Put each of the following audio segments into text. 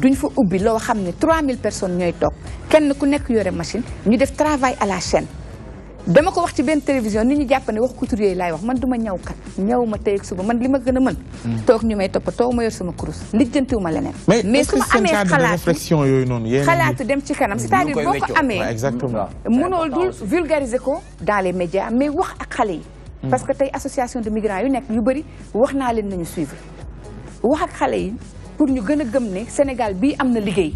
duñ fa ubbi loo xam ne 3000 personnes ñooy toog kenn ku nekk yore machine ñu def travail à la chaîne. dama ko wax ci benn télévision nit ñi jàpp ne wax couturier laay wax man du ma ñaw kat ñaw ma tey ak suba man li ma gën a mën. Hmm. toog ñu may toppatoo ma yor sama kurus lijjantiwu ma leneen. mais su ma amee xalaat xalaatu dem ci kanam c'est-à-dire boo ko amee. exactement dul vulgariser ko dans les médias mais wax ak xale yi. Hmm. parce que tey association de migrants yu nekk yu bëri wax naa leen nañu suivre wax ak xale yi pour ñu gën a gëm ne Sénégal bi am na liggéey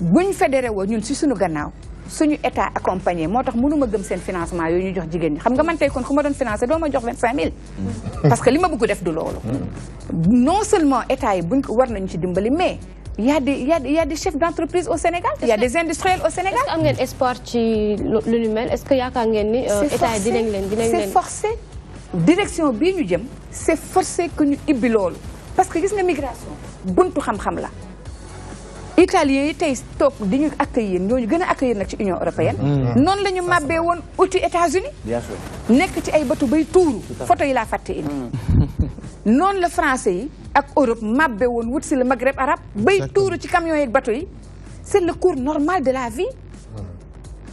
buñ fédéré wo ñun si suñu gannaaw suñu état accompagné motax tax mënuma gëm sen financement yooyu ñu jox jigéen ñi xam nga man tay kon kuma ma financer do ma jox 25000 parce que li ma bëgg def du loolu non seulement état yi buñ ko war nañ ci dimbali mais Il y, a des, il, y a, il y a des chefs d'entreprise au Sénégal, il y a des industriels au Sénégal. Est-ce qu'il y a un espoir sur l'UNUMEL Est-ce qu'il y a un état C'est forcé. Direction bien, c'est forcé que nous Parce que c'est une migration buntu xam-xam la italiens yi tay tok diñu accueillir ñoo gëna accueillir nak ci union européenne mm-hmm. mm-hmm. non lañu ñu won woon états-unis nek ci ay batu bay tour photo yi la fàtte indi mm. non le français yi ak europe màbbe won wut si le maghreb arabe bay tour ci camion yi ak bateau yi c'est le cours normal de la vie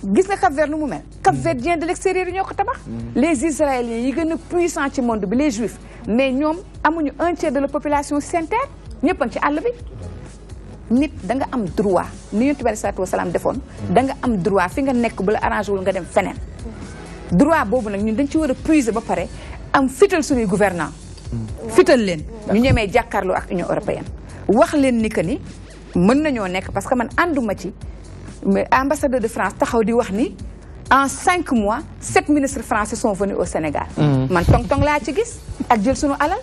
mm. gis nga Cap nu mu mel Cap mm. Verdien de l'extérieur ñoko tabax les israéliens yi gëna puissant ci monde bi les juifs mais ñom amuñu un tiers de la population seen terre ñëpp a ngi ci àll bi nit da nga am droit ni yonent bi aleyhi salaatu wa salaam defoon da nga am droit fi nga nekk bu la arrangé wul nga dem feneen droit boobu nag ñu dañ ci war a puiser ba pare am fital suñuy gouvernant fital leen ñu ñemee jàkkaarloo ak union européenne wax leen ni que ni mën nañoo nekk parce que man ànduma ci ambassadeur de France taxaw di wax ni en cinq mois sept ministres français sont venus au Sénégal mm. man tong tong laa ci gis ak jël sunu alal.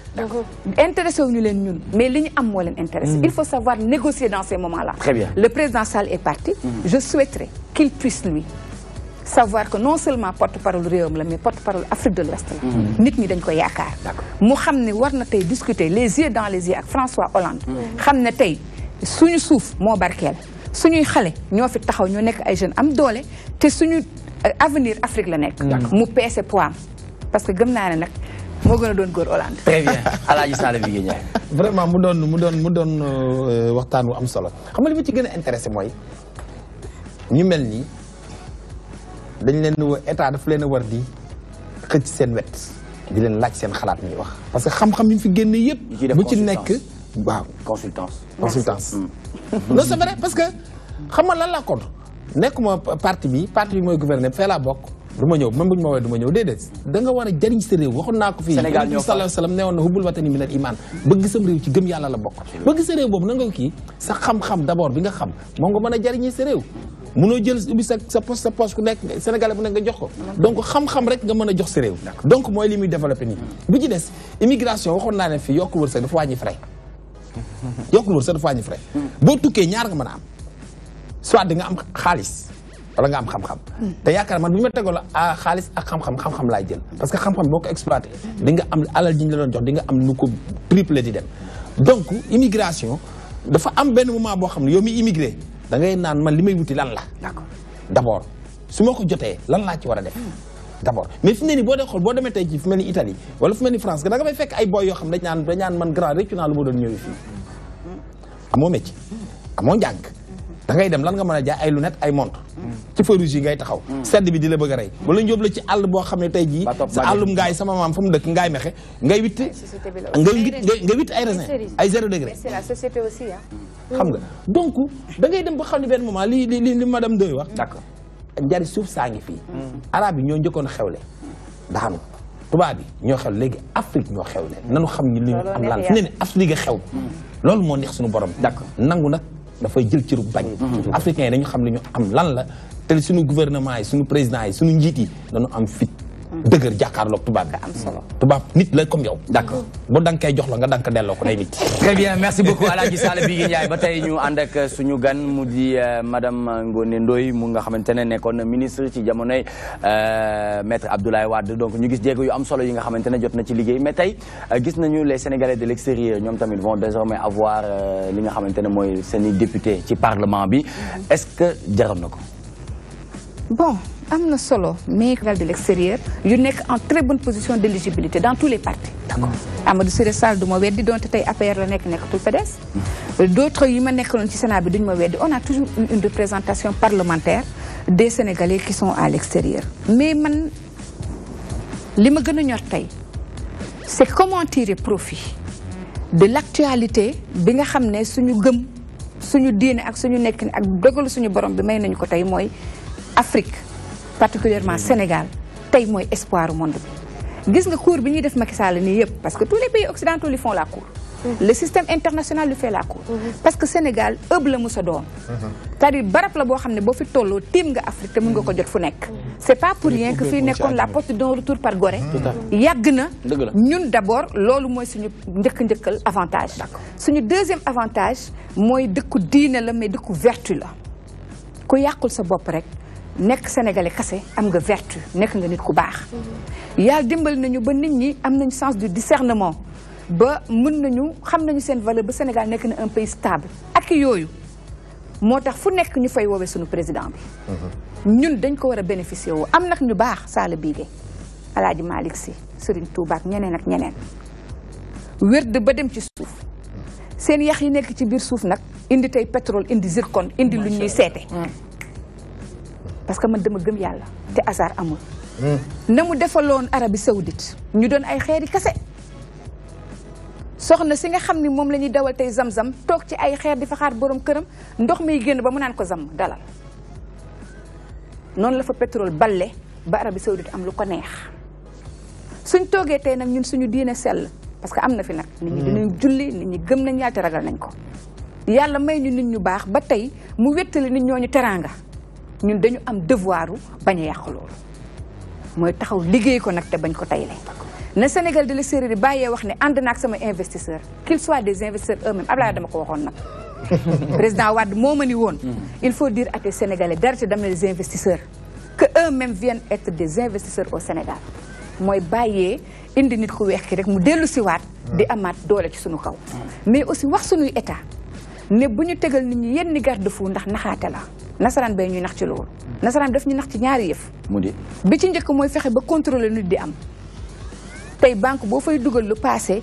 intéressé ñu leen ñun mais li ñu am moo leen intéressé. Mm. il faut savoir négocier dans ces moments-là. très bien le président Sall est parti. Mm. je souhaiterais qu'il puisse lui. savoir que non seulement porte-parole réewam la mais porte-parole Afrique de l'Ouest la mm. nit ñi dañ ko yaakaar mu xam ne war na tey discuter les yeux dans les yeux avec François Hollande xam ne tey suñu suuf moo barkeel suñuy xale ñoo fi taxaw ñoo nekk ay jeunes am doole te suñu euh, avenir Afrique la nekk mu peese poids parce que gëm naa ne nag moo gën a doon góor Hollande. très bien Alaaji Sall bi Ndiaye. vraiment mu doon mu doon mu doon euh, euh, waxtaan wu am solo xam nga li ma ci gën a intéressé mooy ñu mel nii dañ leen wa état daf leen a war di xëcc seen wet di leen laaj seen xalaat ñuy wax. parce que xam-xam yi fi génne yëpp. bu ci nekk waaw consultance. consultance. Mm. non c'est vrai parce que xam nga lan laa kon nekkuma parti bi parti bi mooy gouverner fee laa bokk. du ma ñëw même bu ma woowee du ma ñëw déedéet da nga war a jariñ sa réew waxoon naa ko fii sallallahu alayhi wa sallam neewoon na hubbul watani minal iman bëgg sam réew xam-xam d'abord bi nga xam moom nga mën a jariñee sa réew mënoo jël ubbi sa sa poche sa poche ku nekk sénégalais bu nekk nga jox ko donc xam-xam nga mën a jox sa réew donc mooy li muy développé nii bu ci des immigration waxoon naa ne fii yokku wërsëg dafa wàññi frais yokku wërsëg dafa wàññi frais boo tukkee ñaar nga mën a am soit di nga am xaalis wala nga am xam-xam mm. te yaakaar man bu ñu ma tegoo la a ah, xaalis ak xam-xam xam-xam laay jël parce que xam-xam boo ko exploité di nga am alal ji ñu la doon jox di nga am nu ko triplé di dem donc immigration dafa am benn moment boo xam ne yow mi immigré da ngay naan man li may wuti lan la d'accord d'abord su ma ko jotee lan laa ci war a def mm. d'abord mais fi mu ne nii boo dee xool boo demee tey ci fu mel ni Italie wala fu mel ni France da nga may fekk ay boy yoo xam dañ naan dañ naan man ma doon mm. amoo métier da ngay dem lan nga mën a jaay ay lunette ay montre mm. ci feu rouge yi ngay taxaw mm. sedd bi di la bëgg rey wala ñu yóbbu la ci àll boo xam ne tey jii sa àllum ngaay sama maam fa mu dëkk ngaay mexe ngay witt nga nga witt ay raisin ay zéro degré c'est mm. xam nga donc da ngay dem boo xam ne benn moment li li li madame Ndoye wax d'accord njari suuf saa ngi fii arab yi ñoo njëkkoon xewle daanu tubaab yi ñoo xew léegi Afrique ñoo xewle nanu xam ni li ñu am lan fi ne ne Afrique xew loolu moo neex suñu borom d'accord nangu nag dafay jël cërub bañ mhm. africain yi dañu xam li ñu am lan la te suñu gouvernement yi suñu président yi suñu njiit yi dañu am fit dëgër jàkkaarloog tubaab bi am solo tubaab nit la comme yow d'accord bu dankay jox la nga dank delloo ko nit très bien merci beaucoup Alaaji Sall Biigui Ndiaye ba tey ñu ànd ak suñu gan mu di euh, madame Ngoné ndooy mu nga xamante ne nekkoon ministre ci jamonoy euh, maître Abdoulaye Wade donc ñu gis jéego yu am solo yi nga xamante ne jot na ci liggéey mais tey euh, gis nañu les Sénégalais de l'extérieur ñoom tamit vont désormais avoir li nga xamante ne mooy seeni député ci parlement bi est-ce que jaroon na ko am na solo mais daal de l'extérieur yu nekk en très bonne position d'éligibilité dans tous les partis d'accord Amadou Siré Sall du ma weddi donte tey APR la nekk nekkatul PDS d'autres yi ma nekkaloon ci Sénat bi duñu ma weddi on a toujours une représentation parlementaire des Sénégalais qui sont à l'extérieur mais man li ma gën a ñor tey c'est comment tirer profit de l'actualité bi nga xam ne suñu gëm suñu diine ak suñu nekkin ak dogalu suñu borom bi may nañu ko tey mooy Afrique particulièrement Sénégal c'est moy espoir au monde Vous gis nga cour bi ñuy def parce que tous les pays occidentaux font la cour mhm. le système international lui fait la cour mhm. parce que Sénégal il la mu sa mhm. c'est-à-dire que la boo xam ne fi tolloo tiim nga Afrique te mun nga ko jot fu nekk c'est pas pour rien que fii la porte d'un retour par Gorée yàgg na ñun d'abord loolu mooy suñu njëkk-njëkkal avantage suñu deuxième avantage mooy dëkku diine la mais dëkku vertu la ku a sa bopp rek nekk sénégalais kase am nga vertu nekk nga nit ku baax. yàlla dimbali nañu ba nit ñi am nañu sens du discernement ba mën nañu xam nañu seen valeur ba Sénégal nekk na un pays stable. ak yooyu moo tax fu nekk ñu fay woowee sunu président bi. Mhm. ñun dañ ko war a bénéficier woo am nag ñu baax Sala Biige Alaaji Malick Si Serigne Touba ak ñeneen ak ñeneen. wérd ba dem ci suuf mhm. seen yax yi nekk ci biir suuf nag indi tey pétrole indi zircon indi lu ñuy seete. Mhm. parce que man dama gëm yàlla te hasard amul. Hmm. na mu defaloon Arabie Saoudite ñu doon ay xeeri kase. soxna si nga xam ni moom la ñuy dawal tey zam-zam toog ci ay xeer di faxaar boroom këram ndox miy génn ba mu naan ko zam dalal. noonu la fa pétrole balle ba Arabie Saoudite am lu ko neex suñ toogee tey nag ñun suñu diine sell parce que am na fi nag. nit ñi hmm. julli nit ñi gëm nañ ñaata ragal nañ ko. yàlla may ñu nit ñu baax ba tey mu wéttali nit ñooñu teraanga. ñun dañu am devoiru bañ a yàq loolu mooy taxaw liggéey ko nag te bañ ko tayle na Sénégal di la séeréer di bàyyee wax ne ànd naag sama investisseur qu'il soit des investisseurs eux-mêmes Abdoulaye dama ko waxoon nag président Wade moo ma ni woon mm. il faut dire à tes Sénégalais d'arrêter d'amener des investisseurs que eux-mêmes viennent être des investisseurs au Sénégal mooy bàyyee indi nit ku weex ki rek mu dellu siwaat di amaat doole ci sunu kaw mais aussi wax suñuy état ne bu ñu tegal nit ñi yenn garde fou ndax naxaate la nasaraan bay ñuy nax ci loolu. nasaraan def ñu nax ci ñaari yëf. mu di bi ci njëkk mooy fexe ba contrôler nit di am. tey banque boo fay dugal lu passé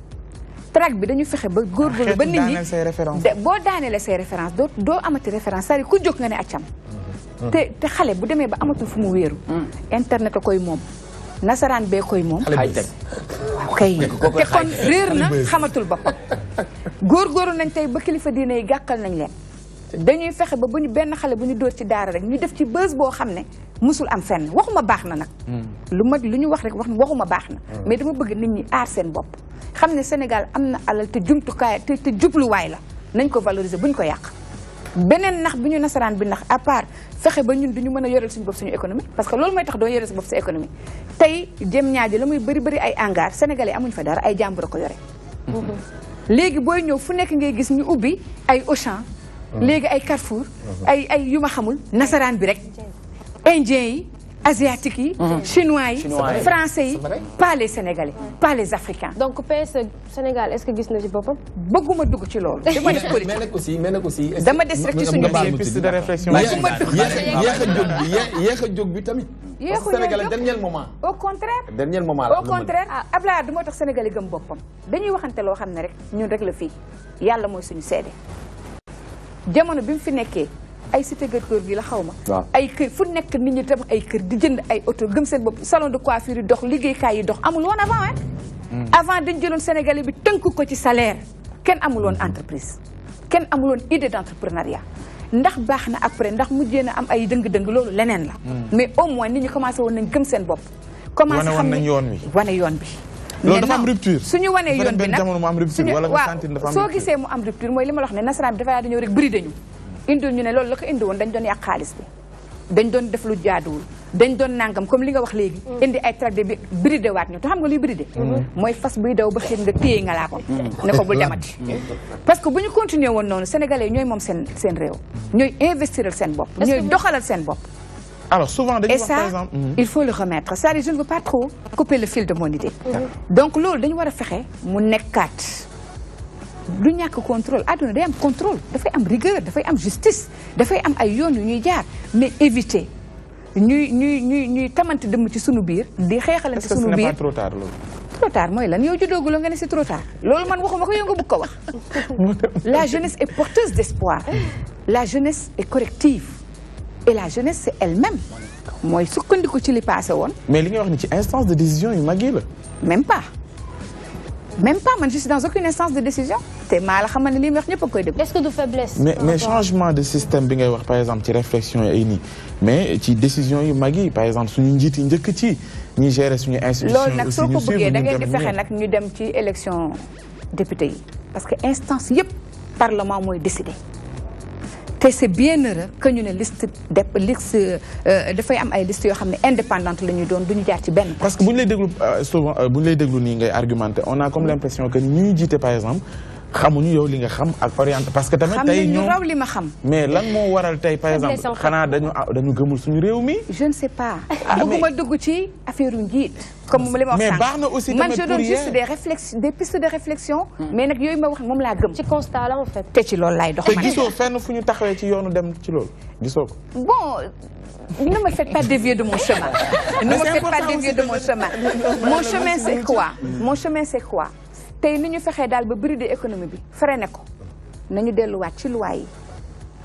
track bi dañu fexe ba góorgóorlu ba nit ñi bo daané la say référence do do amati reference sari ku jóg nga ne accam te te xale bu démé ba amatu fu mu wéeru internet akoy mom nasaran be koy mom kay te kon rër na xamatul bop gorgoru nañ tay ba kilifa diine yi gàkkal nañ leen dañuy fexe ba buñu ben xale buñu dóor ci daara rek ñu def ci bës bo xamné musul am fenn waxuma baxna nak lu ma luñu wax rek waxuma baxna mais dama bëgg nit ñi ar seen bop xamné Sénégal amna alal te jumtu kay te te djublu way la nañ ko valoriser buñ ko yàq benen nax biñu nasaran bi nax à part fexe ba ñun duñu mëna a yoreel suñu bop suñu économie parce que lool moy tax do yoreel suñu bop sa économie tay jëm ñaaji la muy bëri bëri ay hangar sénégalais amuñ fa dara ay jàmbur a ko yore légui boy ñëw fu nek ngay gis ñu ubi ay Auchan Mmh. Les ay Carrefour mmh. ay ay les asiatiques mmh. yi chinois yi français pas les sénégalais pas les africains donc PS Sénégal est-ce que gis na ci que bëgguma dugg ci lool dama mais aussi mais aussi dama vous suñu piste de réflexion yéxa a bi yéxa a bi tamit Au dernier moment au contraire dernier moment au contraire ah, Ablaye du que tax Sénégal gëm dañuy rek ñun rek la dit. mooy suñu jamono bi mu fi nekkee ay cité kër gi la xaw ma. ay kër fu nekk nit ñi tabax ay kër di jënd ay oto gëm seen bopp salon de coiffure yi dox liggéeykaay yi dox amul woon avant hein. Hmm. avant dañ jëloon Sénégalais bi tënk ko ci salaire kenn amul woon entreprise kenn amuloon woon idée d'entrepreneuriat ndax baax na après ndax mujjee na am ay dëng-dëng loolu leneen la. Hmm. mais au moins ni ñi commencé woon nañ gëm seen bopp. commencé xam ne wane nañ yoon wi wane yoon bi. loolu dafa am rupture suñu wanee yoon bi nag soo gisee mu am rupture mooy li ma la ne nasaraan bi dafa yaa rek bëri dañu indil ñu ne loolu la ko indi woon dañ doon yàq xaalis bi dañ doon def lu jaaduwul dañ doon nangam comme li nga wax léegi mm. indi ay traité bi bridé waat ñu te xam nga luy bridé mm-hmm. mm-hmm. mooy fas buy daw ba xiin nga téye nga laa ko mm-hmm. ne ko bul demati parce que bu ñu continuer woon noonu sénégalais ñooy moom seen seen réew ñooy investiral seen bopp ñooy doxalal seen bopp Alors souvent, il mhm. faut le remettre. Ça, je ne veux pas trop couper le fil de mon idée. Donc Donc, nous faire mon nekat. Nous avons contrôle. Nous avons contrôle. Nous rigueur, justice, nous avons mais éviter. Nous avons que pas trop tard, trop tard la jeunesse est porteuse d'espoir la jeunesse est corrective et la jeunesse c'est elle-même Moi, mooy sukkandiku ci li passé woon. mais li nga wax ni ci instance de décision yu même pas même pas man je suis dans aucune instance de décision te mal, je ne li pas wax ñëpp koy est-ce que du faiblesse. mais mais changement de système bi par exemple ci réflexion yi nii mais ci décision yu mag par exemple suñu njiit yi njëkk ci ñi gérer suñu institution. loolu ce que je veux dire. ngay di fexe nag ñu dem ci élection député yi parce que instance le parlement mooy décider. C'est bien heureux que ñu liste de liste euh, dafay am ay liste qui est indépendante le ñuy doon du ñu ci parce que vous les lay déglu euh, souvent euh, bu les lay déglu ngay on a comme l'impression que ñi ñuy par exemple xamuñu yow li nga xam ak orienté parce que tamit tay ñu raw li ma xam mais lan mo waral tay par exemple xana dañu ah, dañu gëmul suñu réew mi je ne sais pas ah, ah, bëgguma dugg ci affaire yu njiit comme li ma wax mais baax na aussi man je donne juste des réflexions des pistes de réflexion hmm. mais nak yoy ma wax mom la gëm ci constat la en fait té ci lool lay dox te gisoo fenn fuñu taxawé ci yoonu dem ci lool gisoo bon ne me faites pas dévier de mon chemin ne me faites pas dévier de mon chemin mon chemin c'est quoi mon chemin c'est quoi tey ni ñu fexee daal ba brider économie bi freiné ko nañu delluwaat ci loi yi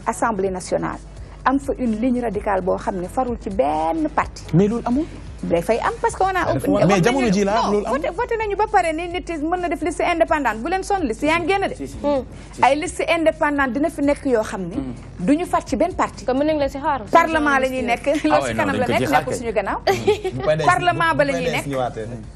assemblée nationale am fa une ligne radicale boo xam ne farul ci benn parti. mais loolu amul. dafay am parce que on a. mais jamono ji la loolu amul voté nañu ba pare ni nit mën na def liste indépendant bu leen sonn liste yaa ngi de. Hmm. ay liste indépendante dina fi nekk yoo xam ne. Hmm. du ñu far ci benn parti. kon mën nañu la si parlement la ñuy nekk. ah si kanam la nekk nekkul suñu gannaaw. Hmm.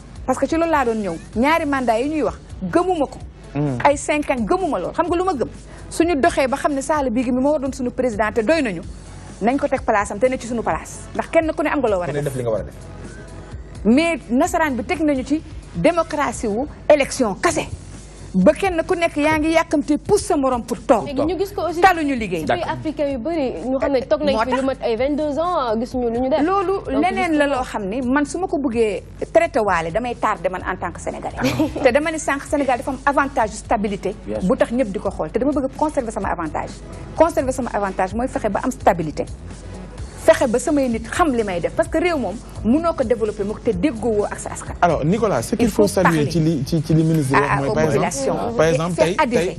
parce que ci loolu laa doon ñëw ñaari mandat yi ñuy wax gëmuma ko hmm. ay cinq ans gëmuma lool xam nga lu ma gëm suñu doxee ba xam ne Sall Biigui mi moo doon suñu président te doy nañu nañ ko teg place am te ne ci suñu place ndax kenn ku ne am nga loo war a def li nga war a def mais nasaraan bi teg nañu ci démocratie wu élection kase ba kenn ku nekk yaa ngi yàkkamte pousse sa morom pour toog. ñu gis ko aussi taluñu liggéey. d' africain yu bëri ñu xam ne eh, toog nañ fi lu mat ay 22 ans gisuñu lu ñu def. loolu leneen la loo xam ni man su ma ko bëggee traité waale damay tardé man en tant que sénégalais. te dama ne sànq Sénégal dafa am avantage stabilité. bu tax ñëpp di ko xool te dama bëgg conserver sama avantage. conserver sama avantage mooy fexe ba am stabilité fexe ba samay nit xam li may def parce que réew moom mënoo ko développer moom te déggoowoo ak sa askan. alors Nicolas ce qu'il faut saluer ci li ci ci li ministre wax mooy par exemple par exemple tey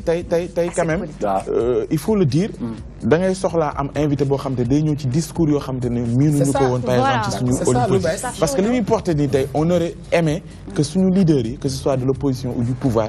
tey tey tey quand même ah. euh, il faut le dire mm. da ngay soxla am invité boo xam te day ñëw ci discours yoo xam te ne miinuñu ko woon par exemple ci suñu au parce que li muy porté nii tey on aurait aimé que suñu leader yi que ce soit de l'opposition ou du pouvoir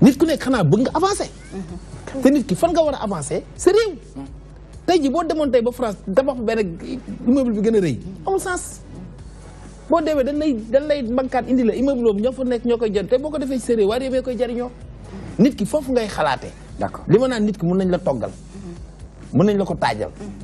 nit ku nekk xanaa bëgg nga avancer. te nit ki fan nga war a avancer sa réew. tey ji boo demoon tey ba France tabax benn immeuble bi gën a rëy amul sens. boo demee dañ lay dañ lay mbankaat indi la immeuble boobu ñoo fa nekk ñoo koy jël te boo ko defee sa réew waa réew koy jariñoo nit ki foofu ngay xalaatee. d'accord li ma naan nit ki mun nañ la toggal. Mhm. mun nañ la ko taajal. Mhm.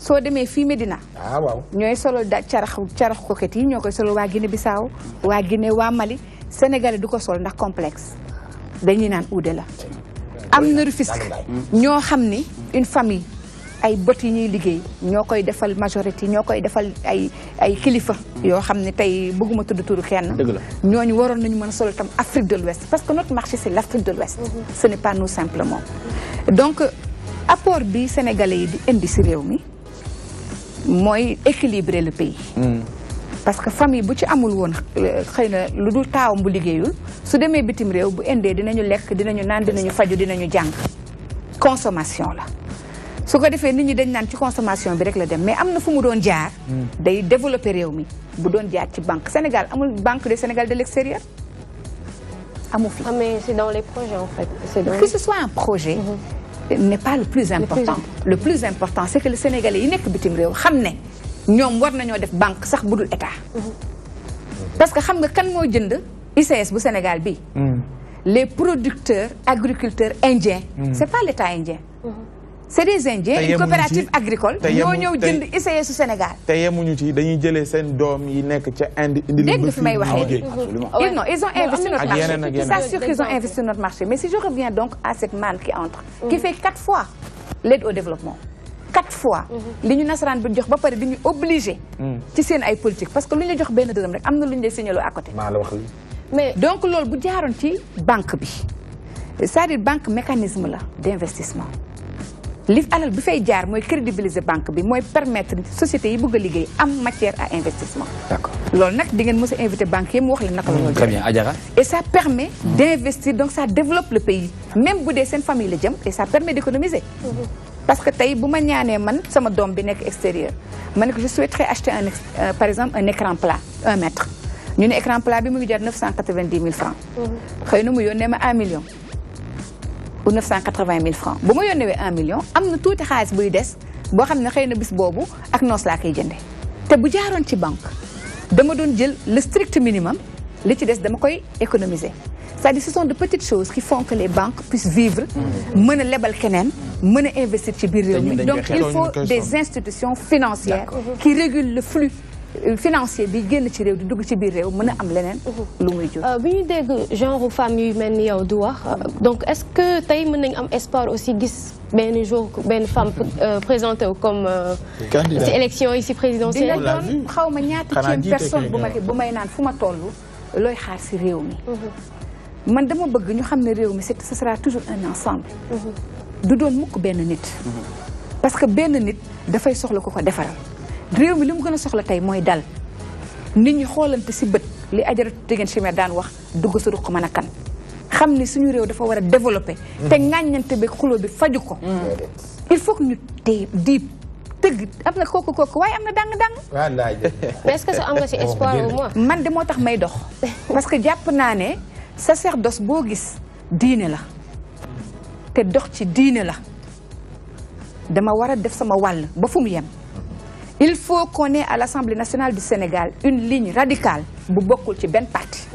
soo demee fii Medina. ah waaw ñooy solo da carax carax coquette yi ñoo koy solo waa Guinée Bissau waa Guinée waa Mali sénégalais du ko sol ndax complexe dañuy naan uude la. am na Rufisque ñoo xam ni une famille ay bët yi ñuy liggéey ñoo koy defal majorité ñoo koy defal ay ay kilifa. yoo xam ne tey bëgguma tudd turu kenn. dëgg la ñooñu waroon nañu mën a solo tam Afrique de l'Ouest parce que notre marché c'est l'Afrique de l'Ouest. Mm-hmm. ce n'est pas nous simplement. donc apport bi sénégalais yi di indi si réew mi moi équilibrer le pays. Hmm. parce que famille bu ci amul woon euh, xëy na lu dul taawam su demee bitim bu dinañu dinañu dinañu consommation la. su ko nit ñi consommation bi rek la mais développer Sénégal amul banque de Sénégal de l'extérieur ah, c'est dans les projets en fait. que ce soit un projet. Mhm n'est pas le plus important le plus important c'est que le sénégalais ils ne bitim pas nous ne ñoom war les def banque sax bu mhm. parce que quand nga kan le ICS au Sénégal mhm. les producteurs agriculteurs indiens mhm. Ce n'est pas l'état indien c'est des indiens une coopérative agricole. au Sénégal. ils ont investi notre notre marché mais si je reviens donc à cette manne qui entre. qui mm. fait quatre fois l'aide au développement. quatre fois. Mm-hmm. li ñu obligés pas jox ba mm. politique parce que nous jox benn rek côté. mais donc lool bu banque cest à mécanisme là d'investissement li alal bi fay jaar moy crédibiliser banque bi moy permettre société yi bëgg liggéey am matière à investissement. d'accord Lool nak di ngeen mos a invité banque yi mu wax la la. très bien Adjara et ça permet d'investir, donc ça développe le pays même bu dee une famille la jëm et ça permet d'économiser. parce que tay buma ñaané man sama dom bi nek extérieur je souhaiterais acheter un euh, par exemple un écran plat un mètre ñu né écran plat bi mu ngi jar neuf francs. Mhm. xëy na mu yónnee ma un million pour 980 000 francs Si vous avez 1 million vous avez tout ce buy des boo xam vous avez na bis boobu ak noos laa koy jënde te vous avez ci banque vous avez le strict minimum li ci des dama économiser c'est-à-dire ce sont de petites choses qui font que les banques puissent vivre mener les lebal mener investir ci donc il faut des institutions financières qui régulent le flux euh, financier bi génn ci réew di dugg ci biir réew mën a am leneen mhm. lu muy jur euh, bi ñu dégg genre femme yu mel ni yow du wax donc est-ce que tey mën nañ am espoir aussi gis benn jour benn femme euh, présenté comme ci élection yi si présidentielle dina doon xaw ma ñaata ci personne bu ma bu may naan fu ma toll looy xaar si réew mi mhm. man dama bëgg ñu xam ne réew mi c'est ce sera toujours un ensemble mhm. du doon mukk benn nit parce que benn nit dafay soxla ko ko defaral réew mi li mu gën a soxla tey mooy dal nit ñi xoolante si bët li ajaratu dégg chimère daan wax dugg sa ruq man a kan xam ni suñu réew dafa war a développé. te mm. ŋàññante beeg xuloo bi faju ko. Mm. il faut que diib tëgg am na kooku kooku waaye am na dang-dang. ce que soo am nga si man de moo tax may dox. parce que jàpp naa ne sa dos boo gis diine la te dox ci diine la dama war a def sama wàll ba fu yem. il faut qu'on ait à l'Assemblée nationale du Sénégal une ligne radicale bu bokkul ci benn parti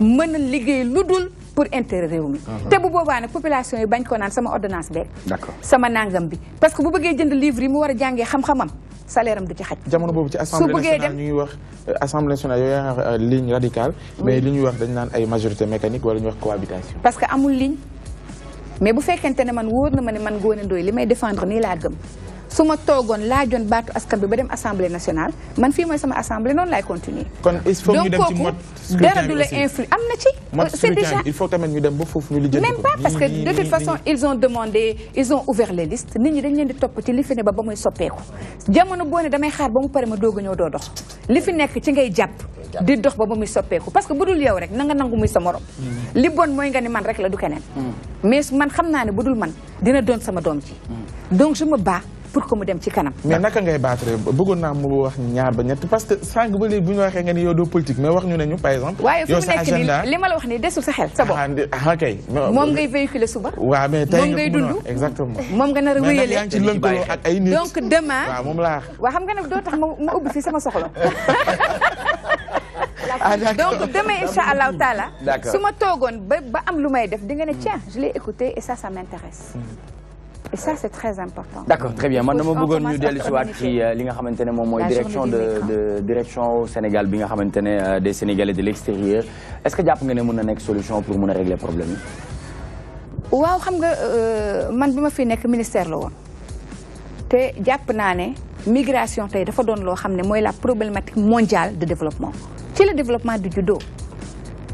mën a liggéey lu dul pour intérêt réew mi ah. te bu boobaa nag population yi bañ ko naan sama ordonnance beeg sama nangam bi parce que bu bëggee jënd livre yi mu war a jàngee xam-xamam salaire am du ci xaj. jamono boobu ci assemblée nationale ñu wax euh, assemblée nationale yooyu wax euh, ligne radicale. mais li ñuy wax dañ naan ay majorité mécanique wala ñu wax cohabitation. parce que amul ligne mais bu fekkente ne man wóor na ma man Ngoné Ndoye li may défendre ni laa gëm suma ma la laajoon baatu askan bi ba dem assemblée nationale man fi moy sama assemblée non, lay continuer. kon il faut ñu dem ci mode dara du influer am ci. Euh, c'est déjà il faut tamen ñu dem ba fofu ñu li ko même pas parce que de toute façon ils ont demandé ils ont ouvert les listes nit ñi dañ leen di top ci li fi ne ba ba moy soppeku jamono boo ne damay xaar ba mu pare ma doog a ñëw dox li fi nekk ci ngay japp di dox ba ba muy soppeeku parce que bu yow rek na nga nangu muy sa morom. Hmm. li bon mooy nga ni man rek la du keneen. Hmm. mais man xam naa ne bu man dina doon sama doom ci hmm. donc je me bats pour que mu dem ci kanam. mais naka ngay battre bëggoon naa mu wax ñaar ba ñett parce que sànq ba léegi bu ñu waxee nga ni yow doo politique mais wax ñu ne ñu par exemple. yow sa la wax suba. Ah, ah, mais moom ngay dund. exactement moom a wéyale. ci lëkkaloo ak ay nit donc demain. waaw moom laa waaw xam nga doo tax ma ubbi fii sama soxla. Ah, donc demain incha allahu taala su ma toogoon ba ba am lu may def di nga ne tiens je l'ai écouté et ça ça m'intéresse mm. et ça c'est très important. D'accord, très bien man dama bëggoon ñu dellu si waat ci euh, li nga xamante ne moom direction de de direction au Sénégal bi nga xamante euh, des Sénégalais de l'extérieur. est ce que jàpp nga ne mën na nekk solution pour mën régler problème yi. waaw xam nga euh, man bi ma fi nekk ministère la woon te jàpp naa migration tey dafa doon loo xam ne mooy la problématique mondiale de développement ci le développement du judo,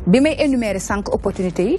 bi may énumérer cinq opportunités yi.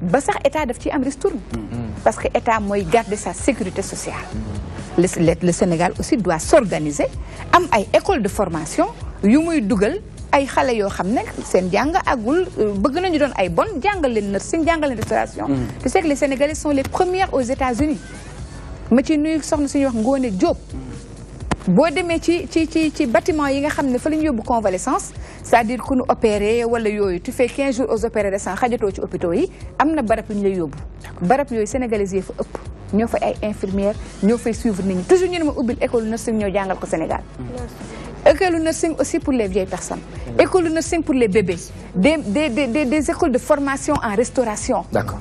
ba sax état daf ciy am ristourne mm-hmm. parce que état mooy garder sa sécurité sociale mm-hmm. le le Sénégal aussi doit s'organiser am ay école de formation yu muy dugal ay xalé yo xamné sen seen agul euh, bëgg nañu doon ay bonne jàngal leen nursing jàngal restauration mm-hmm. tu sais que les Sénégalais sont les premiers aux États-Unis ma ci nuyu soxna suñuy wax ngone job boo demee ci ci ci bâtiment yi nga xam ne fa ñu convalescence c'est-à-dire ku ñu opéré wala yooyu tu fais 15 jours aux opérations xajatoo ci hôpitaux yi am na barab yu ñu lay yóbbu sénégalais yi fa ëpp ñoo fay ay infirmières ñoo fay suivre nit toujours ñu ne ma ubbil école nursing au jàngal ko Sénégal école nursing aussi pour les vieilles personnes école nursing pour les bébés des des des des écoles de formation en restauration d'accord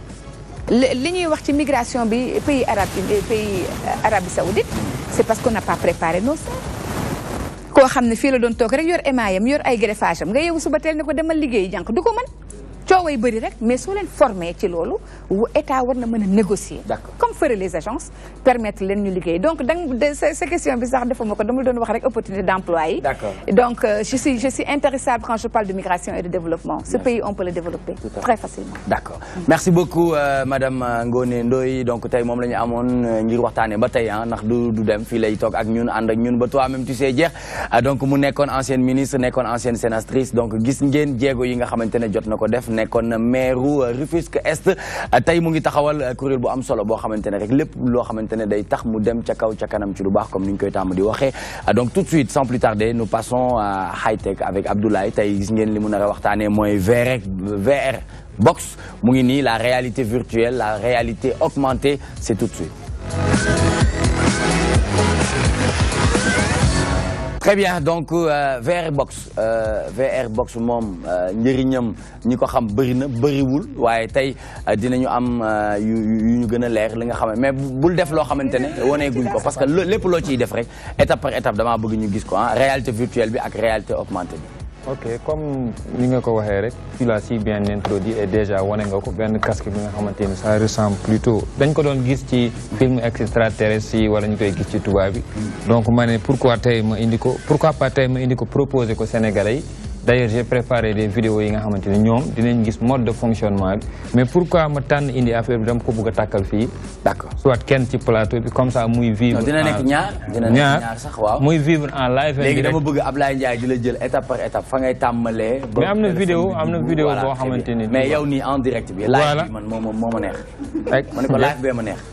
li ñuy wax ci migration bi pays arabes, pays arabes Saoudite c'est parce que n'a pas préparé nos salles koo xam ne fii la doon toog rek yor émaayam yor ay greffage am nga yeewu suba teel ne ko demal liggéey jànq du ko mën cooway bëri rek mais soo len formé ci lolu wu état war na mën négocier. comme feraient les agences permettre len ñu liguey donc ces questions question bi sax defuma ko dama doon wax rek opportunité d'emploi donc euh, je suis je suis intéressable quand je parle de migration et de développement. ce pays on peut le développer très facilement. d'accord merci beaucoup euh, madame euh, ngone Ndoye donc tay mom lañu amone ngir waxtane ba tay ah du du dem fi lay tok ak ñun and ak ñun ba toi-même tu sais jeex ah, donc mu nekkoon ancienne ministre nekkoon ancienne sénatrice donc gis ngeen jéego yi nga xamantene jot nako def nekkoon maire Rufisque Est tey mu ngi taxawal kuréel bu am solo boo xamante ne rek lépp loo xamante ne day tax mu dem ca kaw ca kanam ci lu baax comme ni ñu koy tàmm di waxee donc tout de suite sans plus tarder nous passons à high tech avec Abdoulaye tey gis ngeen li mu nar a waxtaanee mooy VR VR box mu ngi nii la réalité virtuelle la réalité augmentée c'est tout de suite très bien donc euh, VR box euh, VR box nous euh, njëriñam ni xam na am mais bul def lo parce que les loo ciy def étape par étape damaa bëgg ñu gis ko ah, réalité virtuelle bi réalité augmentée ok comme ni nga ko waxee rek tu si bien introduit et déjà wane nga ko benn casque bi nga xamante ni samp ressemble plutôt dañ ko doon gis ci film extraterrestre yi wala ñu koy gis ci tubaab bi donc ma ne pourquoi tey ma indi ko pourquoi pas tey ma indi ko proposé ko Sénégalais yi d'ailleurs j'ai préparé des vidéos yi nga xamante ne ñoom dinañ gis mode de fonctionnement bi mais pourquoi ma tànn indi affaire bi dama ko bëgg a tàkkal fii d'accord soit kenn ci plateau bi ni mais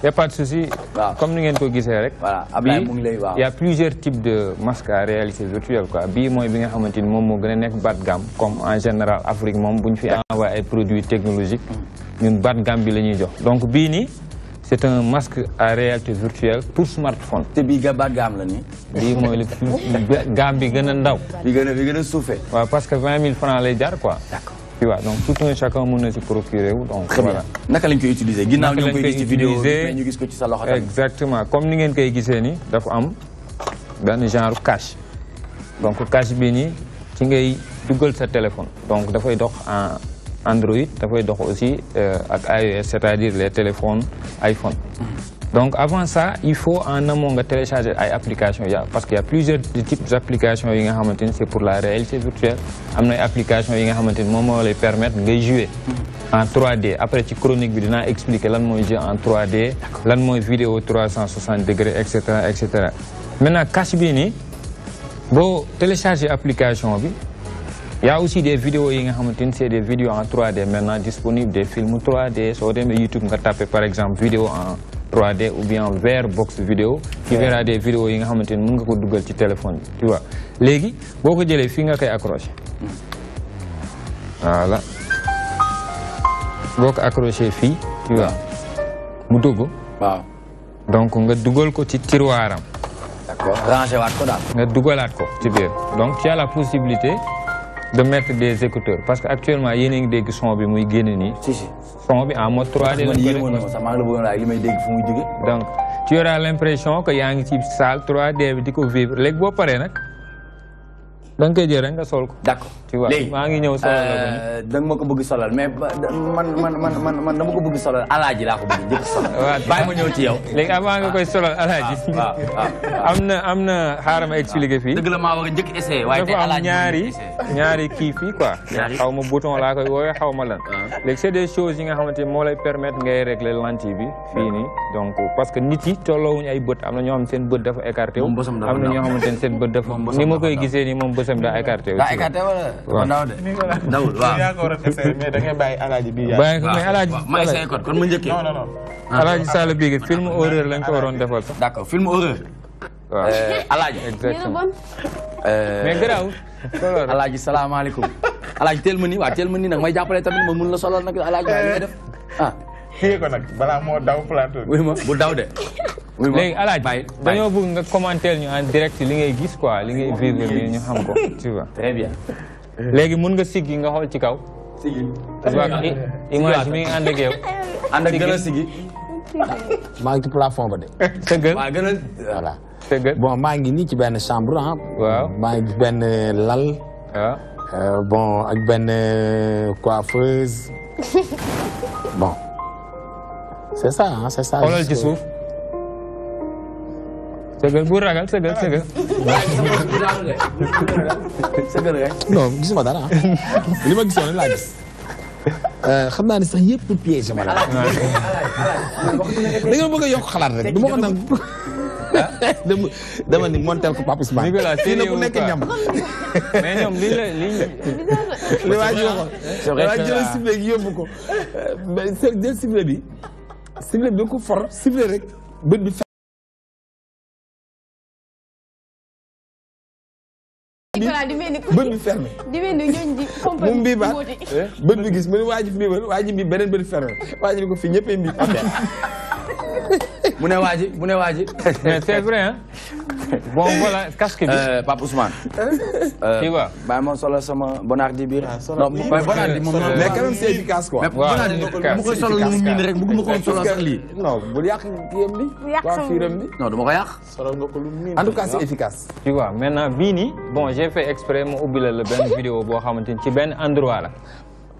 y a pas de souci waaw mooy bi nga xamante moom moo gën a nekk bas de gamme comme en général Afrique moom bu ñu fi envoyé ay produits technologiques ñun bas de gamme bi la jox donc bii nii c' un masque à réalité virtuelle pour smartphone. te bii ga bas de gamme la ni. bii mooy le plus gamme bi gën a ndaw. bi gën bi gën a suufee. parce que vingt mille francs lay jar quoi. D'accord. accord donc tout un chacun mën se si procurer donc. voilà naka lañ koy utiliser. ginnaaw ñoo koy gis ci vidéo mais ñu gis ko ci sa loxo exactement comme ni ngeen koy gisee nii dafa am benn genre cache donc cache bi nii ci ngay c'est sa téléphone donc dafay dox en Android dafay dox aussi euh, ak iOS c'est-à-dire les téléphones iPhone donc avant ça il faut en amont télécharger l'application, parce qu'il y a plusieurs types d'applications c'est pour la réalité virtuelle il y a des applications qui permettent de jouer en 3D après ci chronique bi vais expliquer lan jouer jeu en 3D lan une vidéo 360 degrés etc. maintenant cache bi nii téléchargez télécharger application il y a aussi des vidéos, c'est des vidéos en 3D maintenant disponibles, des films 3D. Sur YouTube, vous tapez par exemple vidéo en 3D ou bien vers box vidéo, tu verras des vidéos qui sont sur Google sur téléphone. Tu vois. Légui, beaucoup de les fingers qui accrochent. Voilà. Beaucoup accroché ici, tu vois. Moutogo. Donc, on a Google côté tiroir. D'accord. Ranger vous quoi Google tu vois. Donc, tu as la possibilité. de mettre des écouteurs parce que actuellement yene ngi dégg son bi muy génn ni son bi en mode 3D. man yéen woon na ma sax maa ngi la dégg fu muy jóge. donc tu auras l'impression que yaa ngi ci salle 3D bi diko vivre léegi bo paré nak dang nga koy jël nga sol ko. d'accord tu vois euh, ma ngi ñew solal dang mako bëgg solal mais man man man man man dama ko bëgg solal alaaji la ko bëgg njëkk solal. bay ma ñew ci yow. léegi avant nga koy solal alaaji. amna amna haram ay ci na fi deug la ma wax a essayer waye té tey alaaji ñaari. ñaari kii fii quoi xaw ma bouton laa koy woowee xaw ma lan ah. léegi c'est des choses yi nga xamante ni moo lay permettre ngay régler lentille bi fii nii donc parce que nit yi tolloowuñu ay bët am na ñoo xam seen bët dafa écarté wu am na ñoo xamante ni seen bët dafa ni ma koy gisee nii moom bësam daa écarté wu waaw ndaw de ndaw waaw da ngay bàyyi alaaji bi bàyyi ko mais alaaji ma essayé kon kon ma njëkkee non non non ah. alaaji Sall bii film horreur lañ ko waroon defal d'accord film horreur waaw euh, exactement euh, euh, mais garaaw alaaji salaamaaleykum alaaji teel ma ni waa teel ma ni nag may jàppale tamit ma mun la solal nag alaaji waaye li def ah xëy ko nag balaa moo daw plateau oui ma bu daw de léegi alaaj dañoo bëgg nga commenter ñu en direct li ngay gis quoi li ngay vivre nii ñu xam ko tu vois très bien léegi mun nga siggi nga xool ci kaw siggi image mi ngi ànd ak yow ànd siggi maa ngi ci de sa gën dëgg bon maa ngi nii ci benn chambre ah. waaw ngi lal. Euh, bon ak benn euh, coiffeuse bon c'est ça ah c'est ça. xoolal ci suuf. sëgal bu ragal sëgal sëgal. sëgal rek. non gisuma dara ah. li ma gisoon laa gis. Euh, xam naa sax piège ma la. da nga bëgg rek ko dama dama ni montel ko Papa Ousmane. fii ne ku nekk ñam. mais ñoom lii la li waa ji li waa ji jël sifflet gi yóbbu ko. mais jël sifflet bi. sifflet bi da ko for sifflet rek bët bi. bët bi fermé eh? bët bi gis mu ne waa ji fi bii waa ji bii beneen bët fermé waa ji ni ko fii ñëppee bu ne waa bu ne waa ji. mais c'est vrai hein. bon voilà casque bi. Euh, Pape Ousmane. kii euh, quoi. solo sama Bonardi biir. Ah, non mais Bonardi moom mais quand même c'est efficace quoi. waaw solo lu miin rek ko solo bu yàq kiyam bi. bu yàq sama fiiram bi. non solo lu miin en tout cas c'est efficace. tu vois bii nii bon j'ai fait exprès mu ubbi la benn vidéo boo xamante ni ci benn endroit la.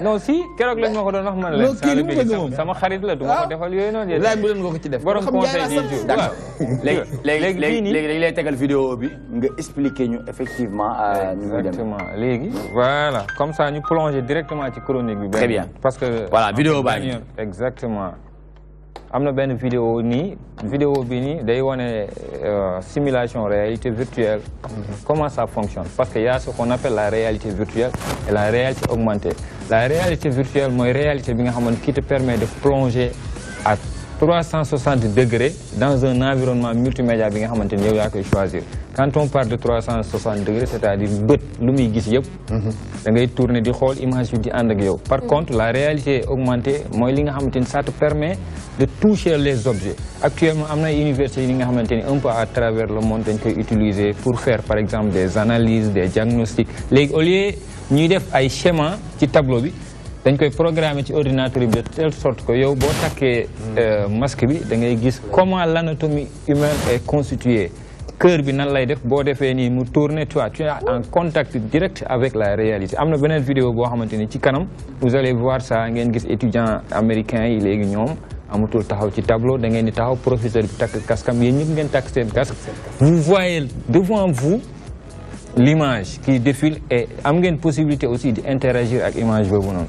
non si C'est lañ ma la defal ci def. borom vidéo effectivement. exactement voilà comme ça nous plonger directement ci chronique bi. très bien parce que. voilà vidéo exactement. On ben vidéo ni vidéo bi ni day euh, simulation réalité virtuelle mhm. comment ça fonctionne parce qu'il y a ce qu'on appelle la réalité virtuelle et la réalité augmentée la réalité virtuelle une réalité qui te permet de plonger à 360 degrés dans un environnement multimédia bi nga xamante que choisir quand on parle de 360 degrés c'est-à-dire que lu muy gis yëpp da ngay tourner di xool image yu di ak yow par contre la réalité augmentée moi, li ça te permet de toucher les objets actuellement à na université yi nga un peu à travers le monde dañ utiliser pour faire par exemple des analyses des diagnostics Les au lieu ni def ay schéma ci tableau dañ koy programmer ci ordinateur bi de telle sorte que yow boo takkee euh, masque bi da ngay gis comment l'anatomie humaine est constituée cœur bi nan lay def boo defee nii mu tourner tu vois tu es en contact direct avec la réalité am na beneen vidéo boo xamante ni ci kanam vous allez voir ça ngeen gis étudiant il yi léegi ñoom amatul taxaw ci tableau da ngeen di taxaw professeur bi takk kaskam yéen ñëpp ngeen takk seen casque vous voyez devant vous l'image qui défile et am ngeen possibilité aussi d'interagir ak image boobu noonu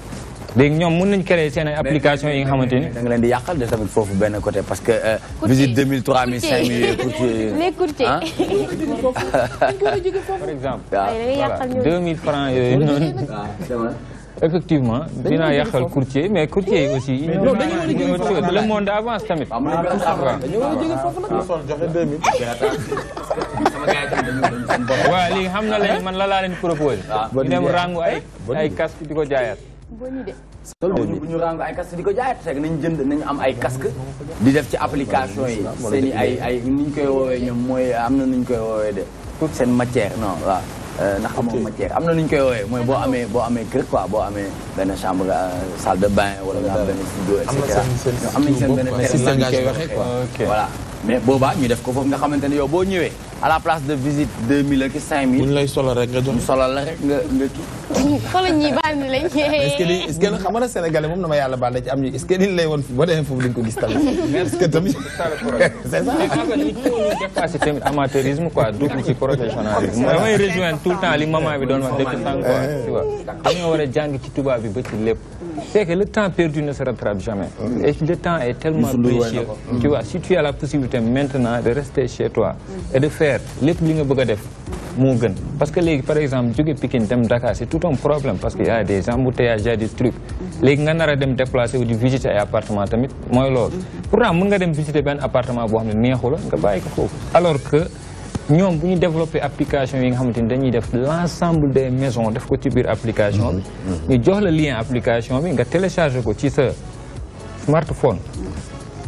léegi ñoom mën nañ créer seen ay application yi nga xamante ni. da nga leen di yàqal de tamit foofu benn côté parce que. Euh, visite 2000 3000 5000 courtier les courtiers. Ah. par voilà francs yooyu noonu. Ah, effectivement dinaa yàqal courtier mais courtier yi aussi. non dañoo war a le monde avance tamit. waaw mën naa waaw léegi xam na man la laa leen proposé. Ah, ñu dem rangu ay ay casque di ko jaayaat. bonne idée. bu ñu ràngoo ay casque di ko jaayat rek nañ jënd nañu am ay casque di def ci application yi seen i ay ay ni ñu koy woowee ñoom mooy am na nu koy woowee de seen matière non waaw euh, ndax amoo matière am na nu ñu koy woowee mooy boo amee boo amee kër quoi boo amee benn chambre euh, salle de bain wala nga am benn studio et cetera am nañ seen benn terrain lañ koy waxee quoi voilà mais boobaa ñu def ko foofu nga xamante ne yow boo ñëwee à la place de visite 2000 5000. On est-ce que est-ce est-ce que que c'est ça. tout le temps c'est que le temps perdu ne se rattrape jamais. Mm. Et le temps est tellement précieux. Tu mm. si tu as la possibilité maintenant de rester chez toi et de faire les lépp li nga bëgg a def moo gën parce que léegi par exemple jóge Pikine dem Dakar c'est tout un problème parce qu'il y a des embouteillages y a des trucs léegi nga nar a dem déplacer wu di visiter ay appartement tamit mooy loolu pourtant mën nga dem visiter benn appartement boo xam ne neexu la nga bàyyi ko foofu alors que ñoom bu ñu développé application yi nga xamante ni dañuy def l'ensemble des maisons def ko ci biir application bi ñu jox la lien application bi nga télécharger ko ci sa smartphone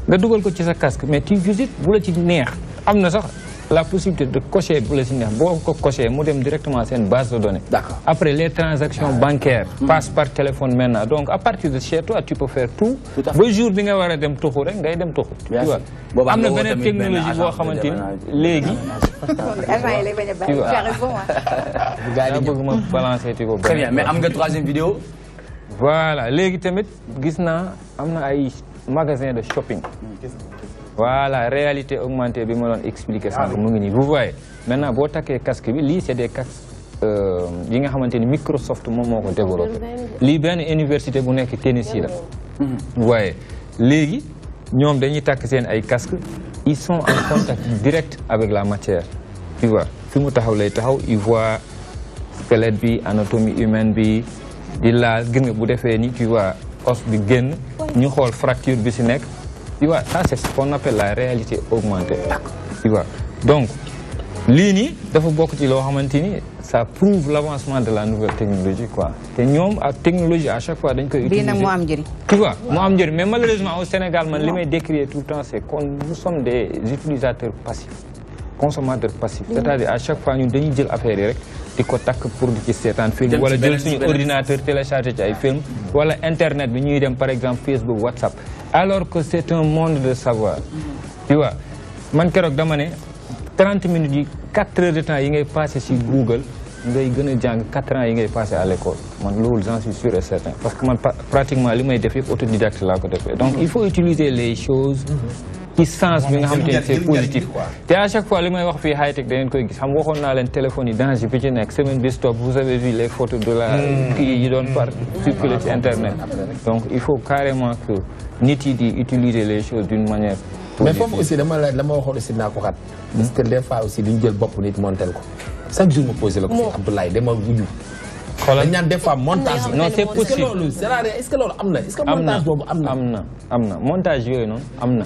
nga dugal ko ci sa casque mais tu visites bu la ci neex am na sax la possibilité de cocher pour les cocher directement directement base de données. après les transactions bancaires. Hmm. passe par téléphone maintenant donc à partir de chez toi tu peux faire tout. Le jour bi nga vas dem rek tu vois technologie très bien mais troisième vidéo. voilà Tu tamit gis magasin de shopping. Hmm, voilà réalité augmentée je vais doon expliqué ah vous voyez maintenant vous casque casques, c'est des casques euh, yi Microsoft moom développé université bu nek Tennessee la Vous voyez, casque ils sont en contact direct avec la matière tu vois mu squelette bi humaine bi tu vois os bi génn ñu fracture bi tu vois, ça c'est ce qu'on appelle la réalité augmentée. Tu vois. Donc, l'INI, ça prouve l'avancement de la nouvelle technologie. Quoi. Et nous, la technologie, à chaque fois, nous utilisons. Tu vois, mais malheureusement, au Sénégal, je me tout le temps, c'est que nous sommes des utilisateurs passifs, consommateurs passifs. C'est-à-dire, à chaque fois, nous devons des affaires nous contacts pour des certains films, film wala des ordinateurs ordinateur téléchargé des mm. wala internet par exemple Facebook WhatsApp alors que c'est un monde de savoir. tu vois man kérok dama 30 minutes 4 heures de temps yi ngay passé sur Google ngay gëna a 4 ans yi ngay passé à l'école man j'en suis sûr et certain parce que pratiquement li may def autodidacte là. ko donc il faut utiliser les choses ci bi nga xam te ne c'est positif te à chaque fois li may wax fii high tech da koy gis xam waxoon naa leen téléphone yi danger bi ci nekk semaine bi stop vous avez vu les photos de la hmm. kii yi doon par circuler ci internet donc il faut carrément que nit yi di utiliser les choses d'une manière mais foofu aussi dama la dama waxoon aussi naa ko xat parce que des fois aussi dañu jël bopp nit montel ko chaque jour ma posé la ko fi Abdoulaye dama wujju xoolal ñaan des fois montage non c'est possible est-ce que loolu am na est-ce que montage boobu am na am na am na montage yooyu noonu am na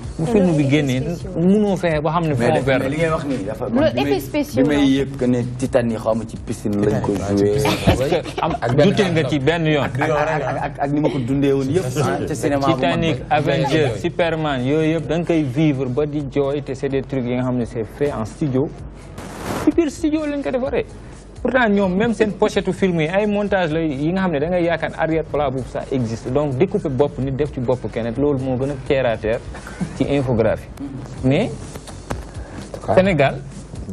bu film bi génnee mënoo fexe ba xam ne fond vert li ngay wax nii dafa bi may yëpp que ne Titane yi xaw ma ci piscine lañ ko joué am dute nga ci benn yoon ak ni ma ko dundee woon yëpp ci cinéma Titanic Avenger Superman yooyu yëpp da nga koy vivre ba di jooy te c'est des trucs studio ci biir studio lañ ko pour pourtant ñoom même seen pochette film yi ay montage la yi nga xam ne da ngay yaakaar arrière plan boobu ça existe donc découper bopp nit def ci bopp keneen loolu moo gën a terre à terre ci infographie mais Sénégal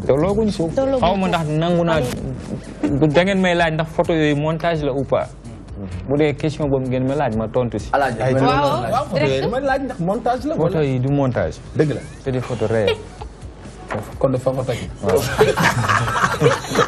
looguñ suuf xaw ma ndax nangu naa da ngeen may laaj ndax photo yooyu montage la ou pas bu dee question boobu ngeen ma laaj ma tontu si. alaaj ma laaj ndax montage photo yi du montage. dëgg la c'est des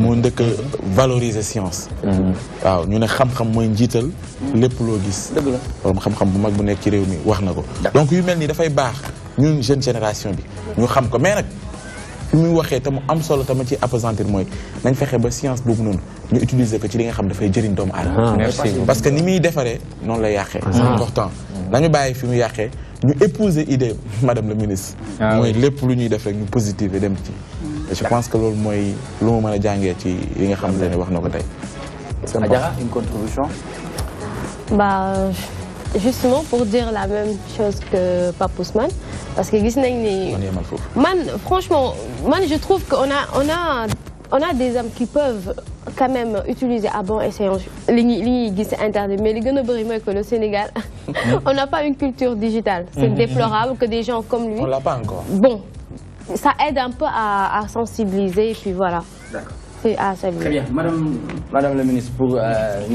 moo njëkk valoriser science. Mhm. waaw ñu ne xam-xam mooy njiital. lépp loo gis. dëgg la borom xam-xam bu mag bu nekk ci réew mi wax na ko. donc yu mel nii dafay baax ñun jeune génération bi ñu xam ko mais nag fi muy waxee mu am solo te ma ci appesantir mooy nañ fexe ba science boobu noonu ñu utiliser que ci li nga xam dafay jëriñ doomu aadama. Ah, parce que ni mi defaree noonu lay yàqee. Ah. c'est important nañu bàyyi fi mu yàqee ñu épouser idée madame le ministre. Ah mooy lépp lu ñuy def rek ñu positive dem ci je pense que c'est ce que ma veux ci li nga une contribution. bah justement pour dire la même chose que Pape parce que man franchement man je trouve qu'on a on a on a des hommes qui peuvent quand même utiliser à bon escient li mais les que le Sénégal mm-hmm. on n'a pas une culture digitale. c'est mm-hmm. déplorable que des gens comme lui. on l'a pas encore bon ça aide un peu à, sensibiliser et puis voilà. D'accord. très bien madame madame la ministre pour euh,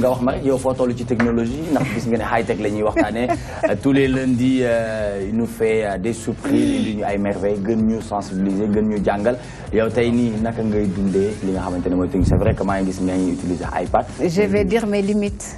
technologie high tech euh, tous les lundis euh, il nous fait des surprises merveilles sensibiliser c'est vrai que utiliser iPad. je vais dire mes limites.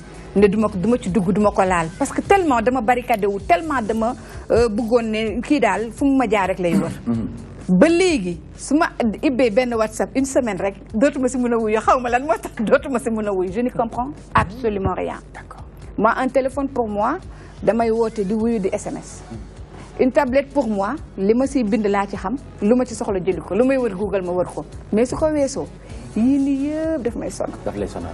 ne duma ma ci dugg duma ko laal parce que tellement dama barricadé wu tellement dama euh, bëggoon ne kii daal fu ma jaar rek lay wër. Mhm. ba léegi su ma ibbee benn WhatsApp une semaine rek dootuma si mën a wuyu xaw ma lan moo tax dootuma si mën a wuyu je ne comprends absolument rien. d'accord moi un téléphone pour moi damay woote di wuyu di SMS. Mhm. une tablette pour moi li ma siy bind laa ci xam lu ma ci soxla jëli ko lu may wër Google ma wër ko mais su ko weesoo yii nii yëpp daf may sonal. daf lay sonal.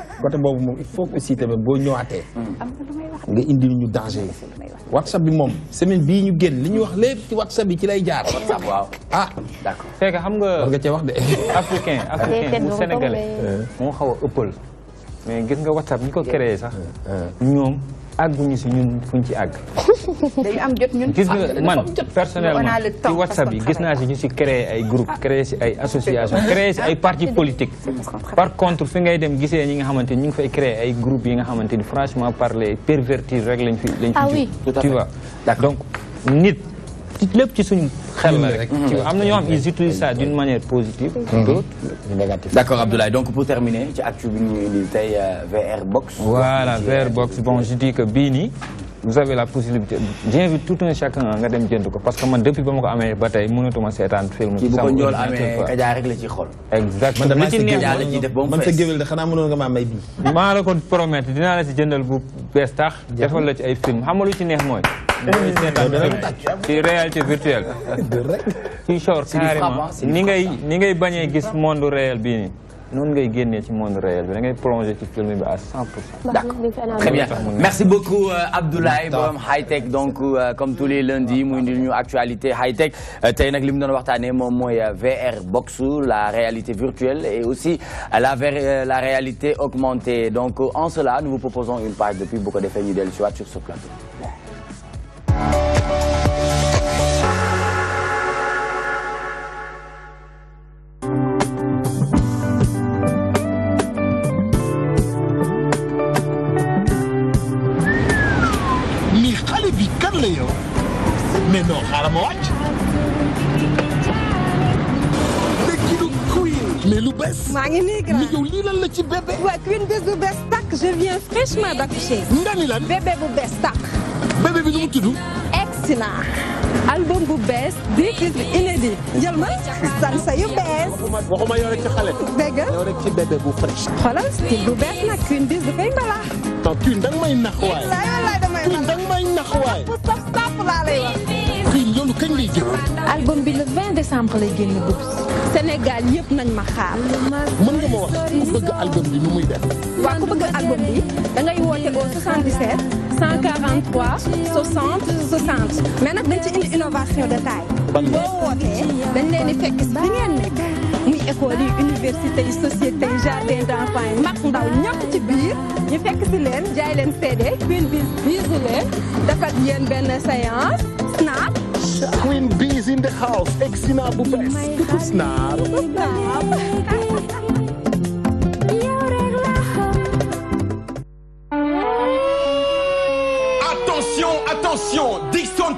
côté boobu moom il faut que aussi tamit boo ñëwaatee. nga indi ñu danger yi. whatsapp bi moom semaine bii ñu génn li ñu wax lépp ci whatsapp bi ci lay jaar. waaw ah. d'accord c'est xam nga. war nga cee wax de. africain africain bu sénégalais. Euh. moo xaw a ëppal. mais gis nga whatsapp ñi ko créé sax. Euh. ñoom. àgguñu si ñun fuñ ci àgg. dañu am jot ñun. gis nga man personnellement ci WhatsApp gis naa si ñu si créer ay group créer si ay association créer si ay parti politique. par contre fi ngay dem gisee ñi nga xamante ni ñu ngi fay créer ay groupe yi nga xamante ni franchement parler pervertir rek lañ fi. lañ fi ah tu vois donc nit. club ci suñu xel ils utilisent ça d'une manière positive mmh. d'autres négative d'accord Abdoulaye donc pour terminer tu actu bi ñu euh, VR box voilà VR box bon je dis que Bini, vous avez la possibilité j'invite tout un chacun nga dem jënd ko parce que man depuis film la man sa de nga may la ko la jëndal bu la ci ay ci neex une réalité virtuelle. ci short carrément hein, ni ngay ni ngay bañee gis monde réel bi ni. Non ngay génnee ci monde réel bi da ngay plonger ci film bi à 100 d'accord très bien merci beaucoup euh, Abdoulaye high tech donc euh, comme tous les lundis muy avons ñu actualité high tech Tay nak vu doon waxtané mom moy euh, VR box la réalité virtuelle et aussi la réalité augmentée donc en cela nous vous proposons une page depuis beaucoup de defee ñu sur ce plateau. ngi nii grand la lii lan la ci bébé. waaw une bés bu bees tàq je viens fraîchement d'accoucher. nga ni lan bébé bu bees tàq. bébé mu tudd. Exina. album bu bees dix titres inédits jël ma sansa yu bees. waxuma yow rek ci xale. dégg nga yow rek ci bébé bu fraîche. xoolal style bu bees nag Queen bis na mbalaax. donc Queen danga may nax waay. wallaay lépp laa lay wax. kii loolu kañ lay génn. album bi le décembre lay génn Doubs. Sénégal yëpp nañ ma xaar. mën nga ma wax ku bëgg album bi nu muy def. waaw ku bëgg album bi da ngay woote au 77 143 60 60 mais nag dañ ci indi innovation de taille. ban boo wootee dañ leen yi école yi université yi société yi jardin d'enfants yi mag ndaw ñëpp ci biir ñu fekk si leen jaay leen CD Queen Bees biisu leen defat yéen benn séance snap Queen Bees in the house egsi naa bu bees snap attention attention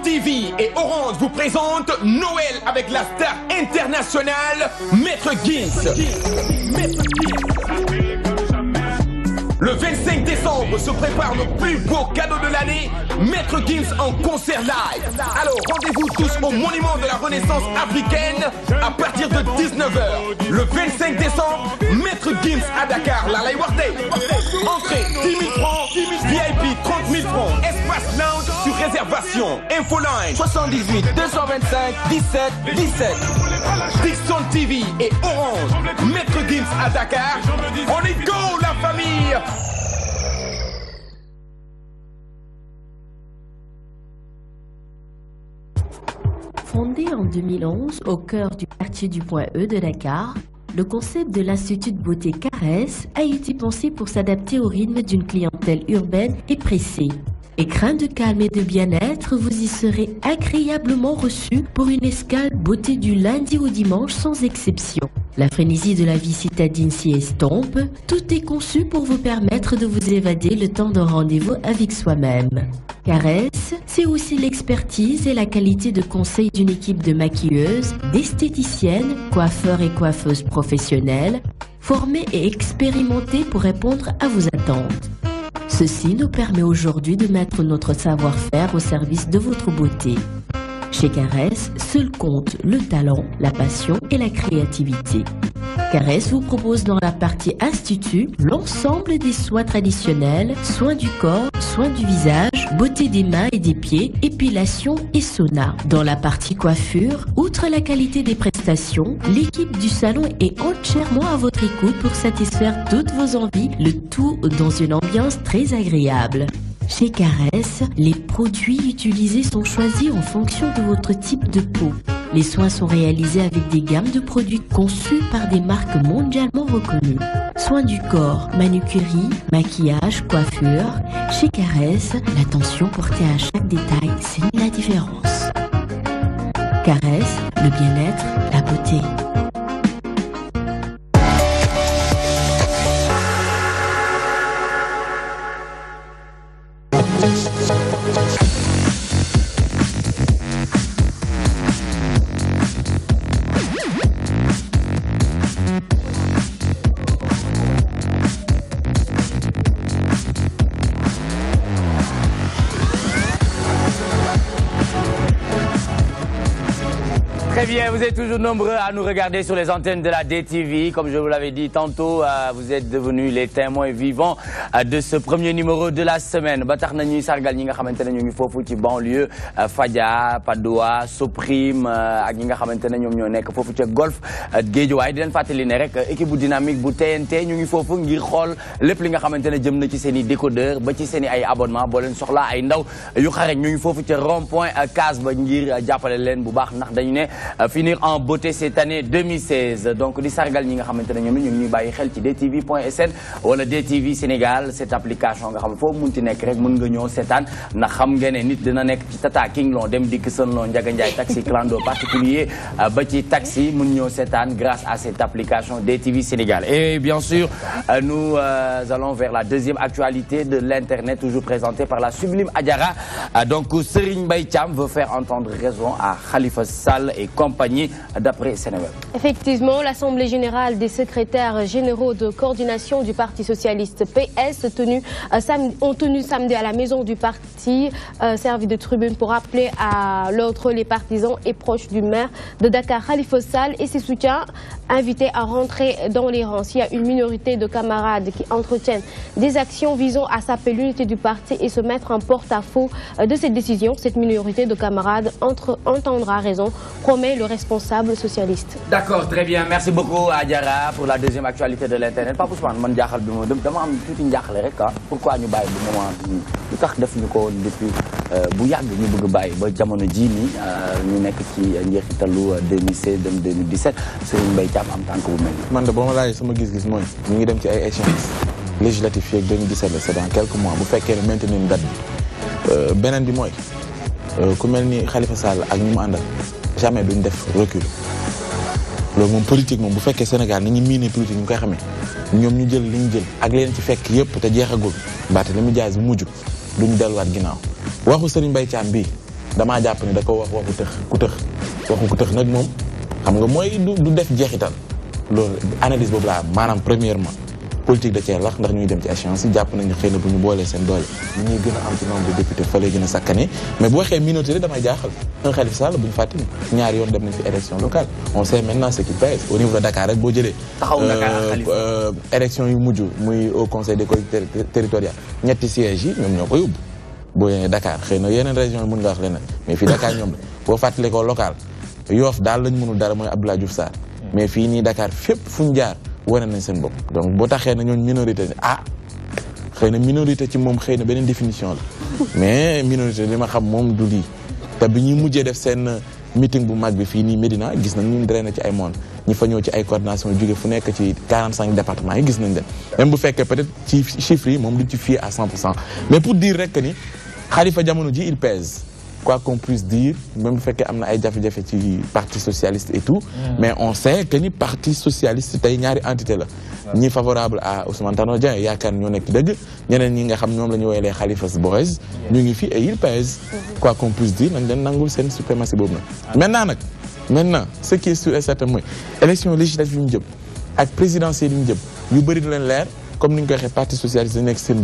TV et Orange vous présentent Noël avec la star internationale Maître Gims. Le 25 décembre se prépare le plus beau cadeau de l'année Maître Gims en concert live. Alors rendez-vous tous au monument de la Renaissance africaine à partir de 19h. Le 25 décembre, Maître Gims à Dakar, la Live Day. Entrée 10 000 francs, VIP 30 000 francs, espace lounge sur réservation. Info Infoline 78 225 17 17. Dixon TV et Orange. Maître Gims à Dakar. On est go la famille Fondé en 2011 au cœur du quartier du point E de Dakar, le concept de l'Institut de beauté Caresse a été pensé pour s'adapter au rythme d'une clientèle urbaine et pressée. craint de calme et de bien-être, vous y serez agréablement reçu pour une escale beauté du lundi au dimanche sans exception. La frénésie de la vie citadine s'y estompe, tout est conçu pour vous permettre de vous évader le temps d'un rendez-vous avec soi-même. Caresse, c'est aussi l'expertise et la qualité de conseil d'une équipe de maquilleuses, d'esthéticiennes, coiffeurs et coiffeuses professionnelles, formées et expérimentées pour répondre à vos attentes. Ceci nous permet aujourd'hui de mettre notre savoir-faire au service de votre beauté. Chez Caresse, seul compte le talent, la passion et la créativité. Caresse vous propose dans la partie Institut l'ensemble des soins traditionnels, soins du corps, soins du visage, beauté des mains et des pieds, épilation et sauna. Dans la partie coiffure, outre la qualité des prestations, l'équipe du salon est entièrement à votre écoute pour satisfaire toutes vos envies, le tout dans une ambiance très agréable. Chez Caresse, les produits utilisés sont choisis en fonction de votre type de peau. Les soins sont réalisés avec des gammes de produits conçus par des marques mondialement reconnues. Soins du corps, manucurie, maquillage, coiffure. Chez Caresse, l'attention portée à chaque détail signe la différence. Caresse, le bien-être, la beauté. êtes toujours nombreux à nous regarder sur les antennes de la DTV. Comme je vous l'avais dit tantôt, euh, vous êtes devenus les témoins vivants euh, de ce premier numéro de la semaine. ba ñuy sargal ñi nga xamante ne banlieue euh, Fadia Padoa Soprime, ak ñi nga xamante ñoo golf Guédiawaye di leen ne rek équipe dynamique bu TNT ñu ngi foofu ngir xool lépp li nga xamante jëm na ci décodeur ba ci ay abonnement boo leen soxla ay ndaw yu xarañ ñu ngi foofu ca rond point case ngir jàppale leen bu baax ndax dañu en beauté cette année 2016 donc di sargal ñi nga xamante ne ñu ngi ñuy xel ci dtv wala dtv Sénégal cette application nga xam fo mun ti nekk rek mën nga ñoo sétane na xam nga ne nit dina nekk ci tata king dem dikk sënlon njaga njaay taxi clando particulier euh, ba ci taxi mën ñoo sétane grâce à cette application dtv Sénégal et bien sûr euh, nous euh, allons vers la deuxième actualité de l'internet toujours présentée par la sublime Adjara donc Serigne Mbaye Thiam veut faire entendre raison à Khalifa Sall et compagnie d'après Sénégal. Effectivement, l'Assemblée générale des secrétaires généraux de coordination du Parti socialiste PS euh, ont tenu samedi à la maison du parti, euh, servi de tribune pour appeler à l'autre les partisans et proches du maire de Dakar, Khalifa Sall, et ses soutiens invités à rentrer dans les rangs. S'il y a une minorité de camarades qui entretiennent des actions visant à saper l'unité du parti et se mettre en porte-à-faux euh, de cette décision, cette minorité de camarades entre, entendra raison, promet le respect responsable socialiste. d'accord très bien merci beaucoup Adjara pour la deuxième actualité de l'Internet. Pas pour Ousmane man bi dama am ah. pourquoi ñu moment que de nous def ñu ko euh, bu de ñu bëgg que ba de euh, nekk 2016 2017 euh, Serigne Mbaye nous am que bu de sama gis-gis ngi dem ci ay échéances 2017 dans quelques mois bu faites maintenant maintenir date Khalifa Sall jamais duñ def recul loolu moom politique moom bu fekkee Sénégal ni ñu miinee politique ñu koy xamee ñoom ñu jël li ñu jël ak leen ci fekk yëpp te jeexagul mbaate li mu jaay bu mujj duñ waat ginnaaw waxu Serigne Mbaye Thiam bi damaa jàpp ne da ko wax waxu tëx ku tëx waxu ku tëx nag moom xam nga mooy du def jeexital loolu analyse boobu laa maanaam premièrement politique da cee lax ndax ñuy dem ci échéance jàpp nañu xëy na boolee seen doole ñi ñuy gën a am ci nombre de député fa lay gën a sakkane mais boo waxee minorité damay jaaxal un Khalifa Sall bu fàtte ni ñaari yoon dem nañ fi élection locale on sait maintenant ce au niveau de Dakar rek boo jëlee euh, euh, élection yu mujj muy au conseil des collectivités territoriales ñetti sièges yi ñoom ñoo ko yóbbu boo yéene Dakar xëy na yeneen région yi mën la boo fàttalee ko local Yoff daal lañ mënul dara mooy Abdoulaye wone nañ seen bopp donc boo taxee na ñoon minorité ah xëy na minorité ci moom xëy na beneen définition la mais minorité li ma xam moom du lii te bi ñuy mujjee def seen meeting bu mag bi fii nii medina gis nañ ñun drainer ci ay monde ñi fa ñëw ci ay coordination jóge fu nekk ci 45 départements yi gis nañ leen même bu fekkee peut-être ci chiffres yi moom duñ ci fier à 100 mais pour dire rek que ni Khalifa jamono ji il pèse quoi qu'on puisse dire même bu fekkee am na ay jafe-jafe ci parti socialiste et tout. Mm. mais on sait que ni parti socialiste tey ñaari entité là. ni favorable à Ousmane Tanor Dieng yaakaar ñoo nekk dëgg ñeneen ñi nga xam ñoom la ñu woowee Khalifa's Boys ñu ngi fi et il pèsent. Mm-hmm. quoi qu'on puisse dire nañ leen nangul seen suprématie boobu nag. Ah. maintenant nag maintenant ce qui est sûr et certain mooy élection législative yu ñu jëm ak présidentielle yu ñu jëm yu bëri du leen comme nous ñu ko waxee parti socialiste dañ nekk seen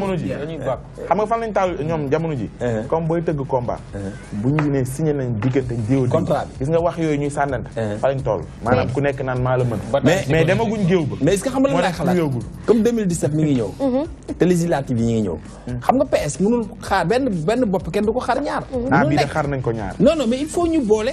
jamono ji eh. xam o fan lañ taal ñoom jamono ji eh. comme booy tëgg combat eh. bu ñu ne signé nañ diggante diw contrat bi gis nga wax yooyu ñuy sànnante fa lañ maanaam ku nekk naan maa la mën mais demaguñ géew ba mais est-ce que xam nga laa xalaat comme 2017 ngi ñëw mm-hmm. te législative yi ngi ñëw mm. xam nga PS mënul xaar benn bopp kenn du ko ñaar ah bii de xaar nañ ko ñaar non non il faut ñu boole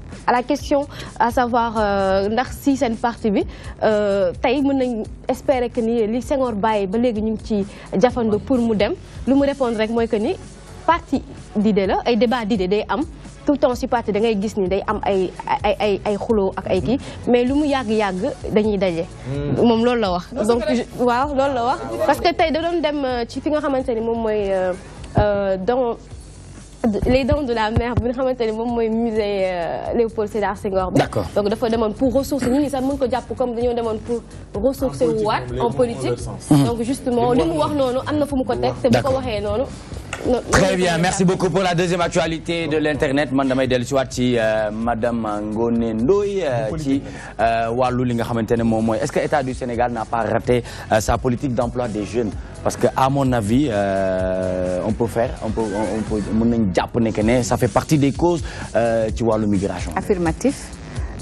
à la question à savoir euh, ndax si seen parti bi euh, tey mën nañ espérer que ni li Senghor baye ba légui ñu ci jafando pour mu dem lu mu répondre rek moy que ni parti d'idée la ay débat d'idée day am tout temps si parti da ngay gis ni day am ay ay ay ay xuloo ak ay ki mais lu mu yag yag dañuy dajé hmm. mom lool la wax donc waaw lool la wax parce que tay da doon dem euh, ci fi nga xamanteni mom moy euh dans les dents de la mer vous ne musée euh, Léopold Sédar Senghor d'accord donc faut demander pour ressources. Nous, ñi dit ko comme nous pour. ressources en politique mm-hmm. donc justement nous nous Très bien, merci beaucoup pour la deuxième actualité de l'Internet. Man damay madame est-ce que l'État du Sénégal n'a pas raté euh, sa politique d'emploi des jeunes parce que à mon avis euh, on peut faire on peut on peut ça fait partie des causes vois, euh, vois, migration. affirmatif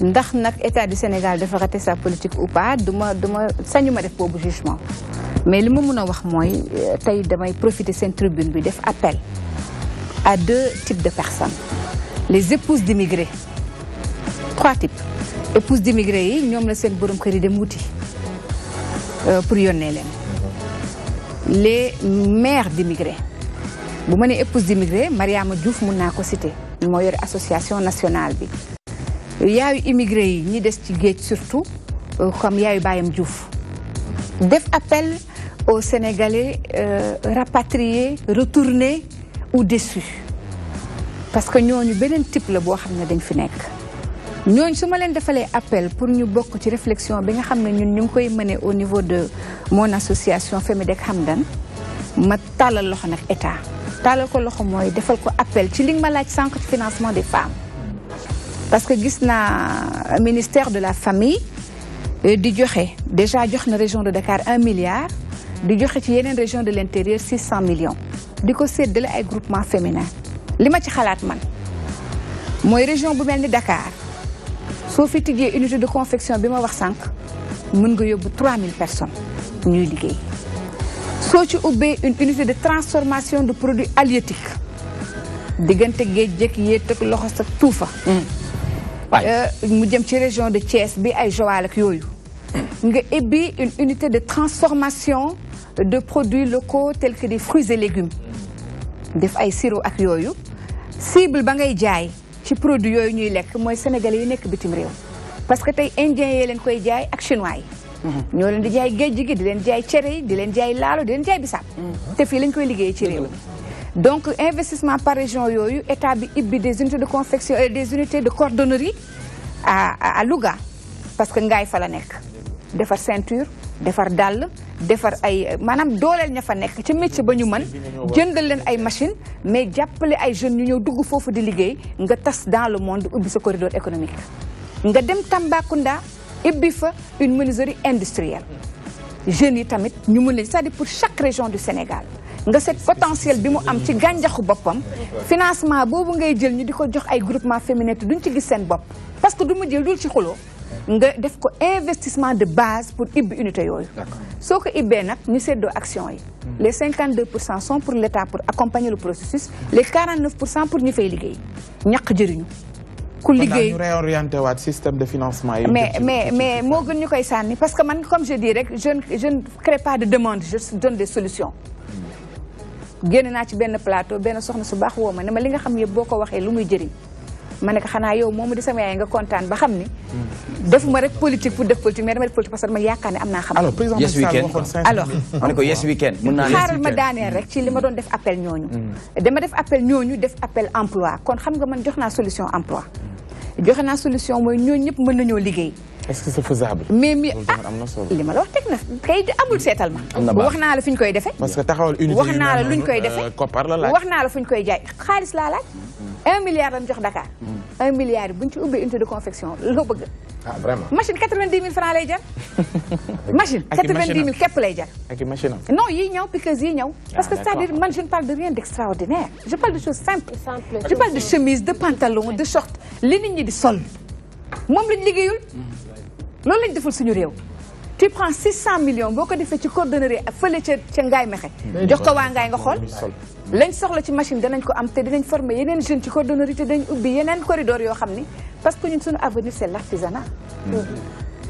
ndax l'état du Sénégal dafa raté sa politique ou pas ça ne sañuma ma pas def jugement mais li moment mën dire wax moy euh, tay damay profiter cette tribune bi def appel à deux types de personnes les épouses d'immigrés trois types épouses d'immigrés ñom la seen borom kër pour yónnee les mères d'immigrés bu je suis épouse d'immigrés Mariam Diouf je naa ko citer association nationale Les y immigré yi ñi des ci surtout euh, comme yaayu Bayam Diouf def appel aux Sénégalais euh, rapatriés retournés ou déçus parce que avons un type de boo xam ne dañ fi nous, suma ma leen appel pour ñu bokk ci réflexion bi nga xam ne ñun ñu koy au niveau de mon association Femidec Hamdan ma tàllal loxo nag état tàllal ko loxo mooy defal ko appel ci li ma laaj sànq ci financement des femmes parce que gis naa ministère de la famille euh, di joxe déjà jox na région de Dakar un milliard di joxe ci une région de l'intérieur 600 millions di ko séddale ay groupement féminin li ma ci xalaat man mooy région bu mel Dakar soo fi tijjee unité de confection bi ma wax sànq mën nga yóbbu 3000 personnes ñuy liggéey soo ci ubbee une unité de transformation de produits halieutiques diggante géej jëkk yéet ak loxo sa tuufa hmm. euh, mu jëm ci région de Thiès bi ay Joal ak yooyu nga ubbi une unité de transformation de produits locaux tels que des fruits et légumes def ay sirop ak yooyu cible ba ngay jaay ci produit yooyu ñuy lekk mooy sénégalais yi nekk bitim réew parce que tey indien yi leen koy jaay ak chinois yi mhm. ñoo leen di jaay géej gi di leen jaay cere yi di leen jaay laalo di leen jaay bisaab mhm. te fii lañ koy liggéeyee ci réew donc investissement par région yooyu état bi ibbi des unités de confection euh, des unités de cordonnerie à à Louga parce que ngaay fa la nekk defar ceinture defar dàll defar ay manam dooleel métier machine mais ay jeunes ñu ñëw dugg fofu di liggéey nga dans le monde ubbi ce corridor économique nga dem Tambacounda une menuiserie industrielle jeunes yi tamit pour chaque région du Sénégal nga set potentiel bi mu am ci gànjaxu boppam financement ngay jël ñu groupement féminin duñ ci parce que du ma jël nga def ko investissement de base pour ibbi unité que soo ko fait, c'est ñu actions. action yi hmm. les 52 sont pour l'État pour accompagner le processus les 49 pour nous faire ñu fay liggéey ñak jëriñu ku liggéey ñu système de financement mais mais mais veux gën dire ça. parce que comme je dis je ne je crée pas de demande je donne des solutions hmm. génn ci ben plateau ben soxna su bax ne ma li nga xam boko waxé lu muy ma nekk xanaa yow moomu di sama yaay nga kontaan ba xam ni. defuma rek politique pour def politique mais dama def politique parce dama am naa xam. alors président rek ci li ma doon def appel ñooñu. Mm. dama def appel ñooñu def appel emploi kon xam nga man jox naa solution emploi joxe naa solution mooy ñooñu ñëpp mën nañoo liggéey. est-ce que c'est faisable. mais mi ah, li ma la wax tek na kay amul setalma ma. wax naa la fuñ koy defé parce que taxawal unité wax naa la luñ koy defé euh, ko par la laaj wax naa la fuñ koy jaay khalis la laaj. 1 milliard lañ jox Dakar. 1 mm. milliard buñ ci ubbé unité de confection loo bëgg. ah vraiment machine quatre vingt francs lay jar. machine quatre-vingt-dix képp lay jar. ak machine am non yii ñëw piqueuse yi ñaw ah, parce que c'est-à-dire man je ne parle de rien d'extraordinaire. je parle de choses simples. simples je parle de chemise de pantalon de short li nit ñi di sol mom lañ liggéeyul. Mm. loolu lañ deful suñu réew tu prends 600 millions boo ko defee ci coordonnerie fële ca ca Ngaye Mexe jox ko waa Ngaye nga xool lañ soxla ci machine danañ ko am te danañ former yeneen jeunes ci coordonnerie te dinañ ubbi yeneen corridor yoo xam ni parce que ñun suñu avenir c'est l'artisanat mm-hmm.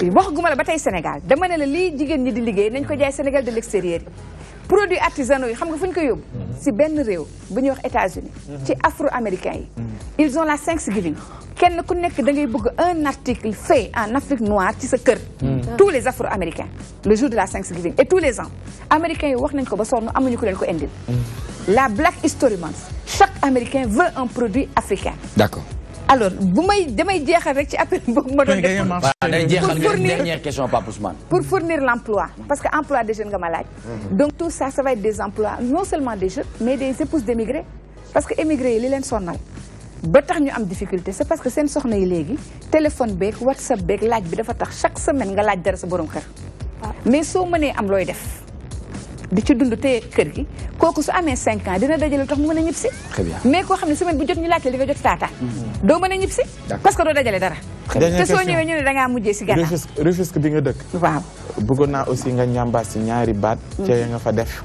Je la batay Sénégal dama ne la li jigen ñi di liggéey nañ ko jaay Sénégal de l'extérieur Les produits artisanaux yi xam nga fuñ ko yóbbu ci mhm. benn réew bu États-Unis mhm. ci afro-américains mhm. ils ont la Thanksgiving kenn ku nekk da ngay bëgg un article fait en Afrique noire ci sa kër tous les afro-américains le jour de la Thanksgiving et tous les ans américains yi wax nañ ko ba sonn amuñu ko leen ko la Black History Month chaque américain veut un produit africain d'accord alors bu may damay jeexal rek ci appel boobu ma doon def pour fournir dernière question Pape Ousmane pour fournir l'emploi parce que emploi des jeunes nga ma laaj donc tout ça ça des emplois non seulement des jeunes mais des épouses d'émigrés parce que émigrés yi li leen sonnal ba tax ñu am difficulté c'est parce que seen soxna yi léegi téléphone beeg WhatsApp beeg laaj bi dafa tax chaque semaine nga laaj dara sa borom kër ah. mais soo mënee am looy def di ci dund te kër gi kooku su amee cinq ans dina dajale tax mu mën a ñib si mais koo xam ne semaine bu jot ñu laajte li nga jot taataan mhm. doo mën a ñib si parce que doo dajale dara te soo ñëwee ñu ne da mujjee si gànnaaw Rufisque bi nga dëkk waaw aussi nga ñàmbaas si ñaari baat mhm. ca nga fa def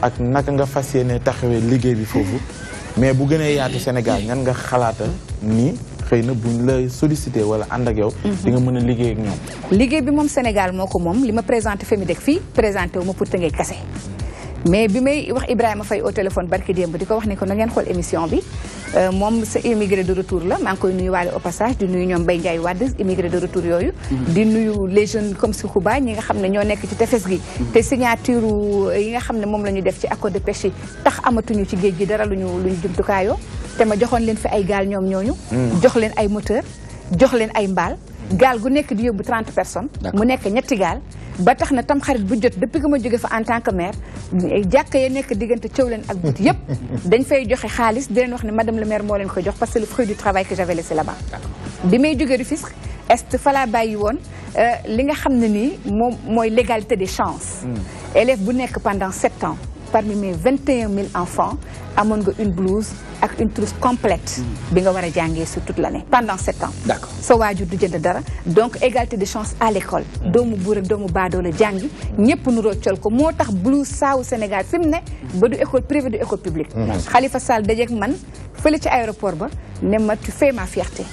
ak naka nga fas tax taxawee liggéey bi foofu mais bu gënee yaatu Sénégal ñan nga xalaata nii xëy na buñ la sollicité wala ànd ak yow. Mhm. di nga mën a liggéey ak ñoom. liggéey bi moom Sénégal moo ko moom li ma présenté Femidec fii présenté wu ma pour Tëngéej kese mais bi may wax Ibrahima Faye au téléphone barki démb di ko wax ne ko na ngeen xool émission bi. Euh, moom sa immigré de retour la maa ngi koy nuyu waale au passage di nuyu ñoom Mbaye Ndiaye Wade immigré de retour yooyu mhm. di nuyu les jeunes comme Soukhouba ñi nga xam ne ñoo nekk ci tefes gi mhm. te signature yi nga xam ne moom la ñu def ci accord de pêche tax amatuñu ci géej gi dara luñu luñ jumtukaayoo te ma joxoon leen fi ay gaal ñoom ñooñu mhm. jox leen ay moteur jox leen ay mbaal GAL, gu nekk di personnes mu nekk ñetti gaal ba tax na tam xarit bu jot depuis que ma suis fa en tant que maire je ya nekk diggante ak but yëpp dañ fay joxe xaalis di wax ne madame le maire moo leen ko jox parce que le fruit du travail que j'avais laissé là-bas bi may du fisc est fa bàyyi woon euh, li nga xam ne nii moom l'égalité des chances hmm. élève bu nekk pendant sept ans parmi mes 21 000 enfants amoon une blouse avec une trousse complète bi sur toute l'année pendant sept ans donc égalité de chance à l'école doomu buur la ko blouse Sénégal école privée de école publique mmh. Khalifa Sall je man ci aéroport ba tu fais ma fierté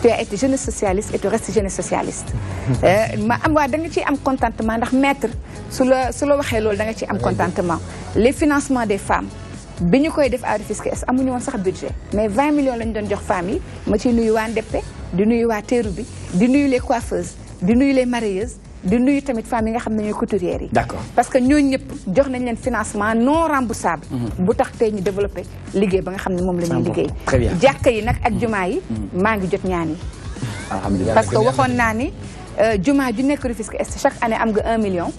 tu as été socialiste et tu restes jeune socialiste. Eh, ma am am contentement maître sur contentement. les financements des femmes bi fait def à Rufisque des budget mais 20 millions de doon jox famille, ma ciy nuyu waa Ndeppe di nuyu les coiffeuses des nuyu les marieuses di nuyu tamit femmes yi nga xam ne ñooy couturières yi. d'accord parce que ñooñu ñëpp jox nañ leen financement non remboursable. Mhm. bu tax tey ñu développé liggéey ba nga xam ne moom la ñuy liggéey. très bien jàkka yi nag ak mhm. jumaa yi. Mhm. maa ngi jot ñaan yi. alhamdulilah parce que waxoon naa ni euh, jumaa ju nekk Rufisque Est chaque année am nga 1 million.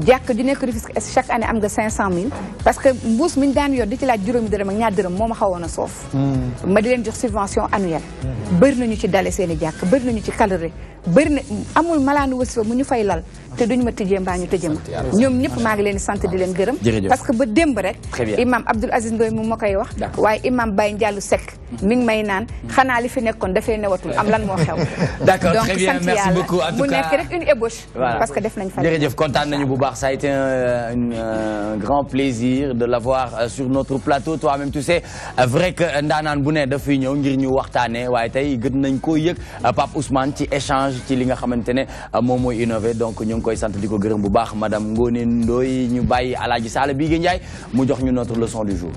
jàkk ju nekk Rufisque Est chaque année am nga 500000. parce que mbuus mi ñu daan yor di ci laaj juróomi dërëm ak ñaar dërëm moo ma xawoon a soof. Hmm. ma di leen jox subvention annuelle. Hmm. bëri nañu ci dale seen i jàkk bëri nañu ci caloré bëri amul malaanu wasifa mu ñu fay lal te duñu ma tëjee mbaa ñu tëjee ma ñoom ñëpp maa ngi leen di sant di leen gërëm parce que ba démb rek imam Abdoul Aziz Ndoye mu ma koy wax waaye imam Baye Ndiallo Seck mm-hmm. mi ngi may naan xanaa li fi nekkoon dafay newatul am lan moo xew d'accord très bien merci beaucoup en tout cas mu nekk rek une ébauche parce que def nañ fa jërëjëf kontaan nañu bu baax ça a été un euh, euh, grand plaisir de l'avoir euh, sur notre plateau toi-même tu sais vrai que ndaanaan bu ne dafay ñëw ngir ñu waxtaane waaye tey gën nañ koo yëg Pape Ousmane ci échange courage ci li nga xamante ne euh, moom mooy innové donc ñu ngi koy sant di ko gërëm bu baax madame Ngone Ndoye ñu bàyyi alaaji Saala Bigué Ndiaye mu jox ñu notre leçon du jour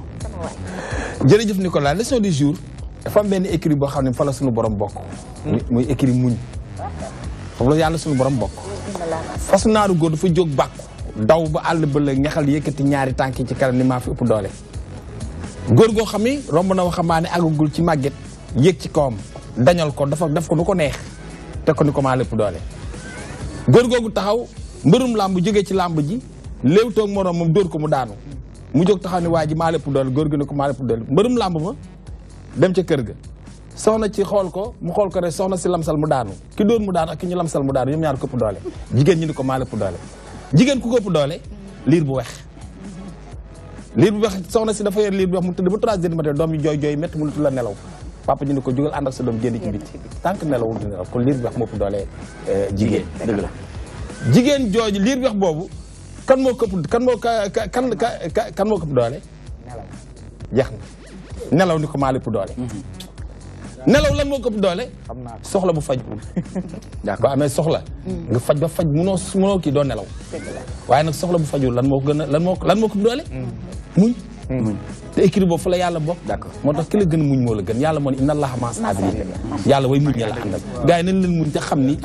jërëjëf Nicolas leçon du jour dafa am benn écrit boo xam ne fa la suñu borom bokk hmm? muy écrit muñ la yàlla suñu borom bokk fas naaru góor dafa jóg bàkku daw ba àll ba la ñaxal yëkkati ñaari tànk ci kanam ni maa fi ëpp doole góor goo xam ni romb na waxambaane àggagul ci màgget yéeg ci kawam dañal ko dafa def ko nu ko te ko ni ko maa lépp doole góor googu taxaw mbërum làmb jege ci làmb ji léew toog moroom moom dóor ko mu daanu mu jóg taxaw ni waa ji maa lépp doole góor gi ne ko maa lépp doole mbërum làmb ma dem ca kër ga soxna ci xool ko mu xool ko rek soxna si lamsal mu daanu ki dóor mu daanu ak ki ñu lamsal mu daanu ñoom ñaar ko ëpp doole jigéen ñi ni ko maa lépp doole jigéen ku ko ëpp doole liir bu weex liir bu weex soxna si dafa yor liir bu weex mu tëdd ba la nelaw papa ñu ne ko jugal ànd ak sa doom génn ci biti tànk doole eh, jigéen dëgg jooju liir bi boobu kan moo këpp kan moo kan kan moo këpp doole na nelaw ni ko maa lépp doole mhm. nelaw lan moo këpp doole soxla bu faj boo amee soxla mhm. faj ba faj munoo munoo kii doo nelaw waaye nag soxla bu fajul lan moo gën a lan lan moo këpp doole mhm. muñ muñ te écrit boobu fa la yàlla bokk moo tax ki la gën muñ moo la gën yàlla moo ne inna allaha maa saabiriin yàlla way muñ yàlla àndal gars yi nañ leen muñ te xam ni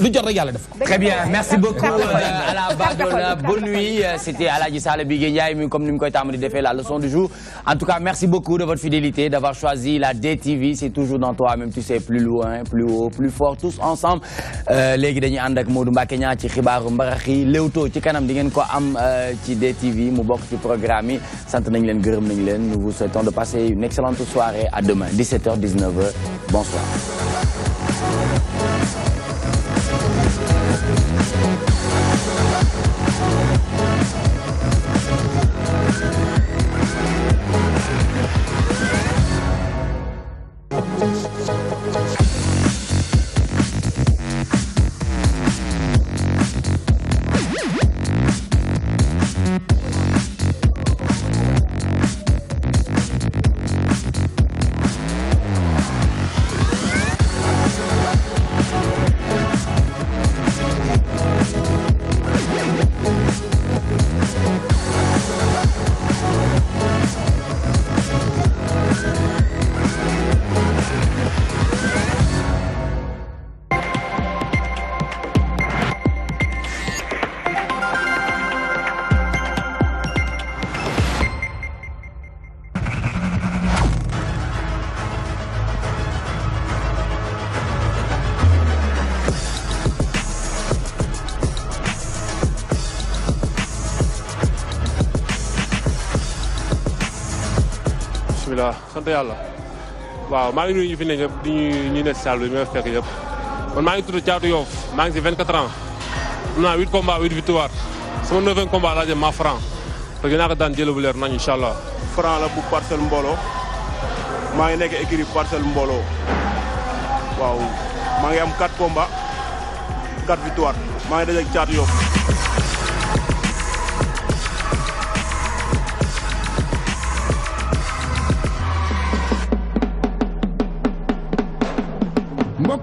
lu jot rek yàlla def ko très bien merci beaucoup Alla euh, Badona bonne nuit euh, c'était Aladji Sall Bigue Ndiaye mi comme ni mu koy tàmm di defee la leçon du jour en tout cas merci beaucoup de votre fidélité d'avoir choisi la DTV c'est toujours dans toi même tu sais plus loin plus haut plus fort tous ensemble euh, léegi dañuy ànd ak Modou Mbacké Niang ci xibaaru mbarax yi Leewtoo ci kanam di ngeen ko am ci DTV mu bokk ci programme yi nous vous souhaitons de passer une excellente soirée à demain 17h 19h bonsoir sant yàlla waaw maa ngi nuyu ñu fi ne ñëpp di ñu ñu ne si salle bi ma fekk ñëpp man maa ngi tudd Thiatou Yoff maa ngi si 24 ans am naa 8 combats 8 victoire sama 9 combat laa jëm maa franc te dinaa ko daan jëlee bu leer nañ incha allah. franc la bu parcelle mbooloo maa ngi nekk écurie parcelle mbooloo waaw maa ngi am 4 4 maa ngi dajeeg Thiatou Yoff.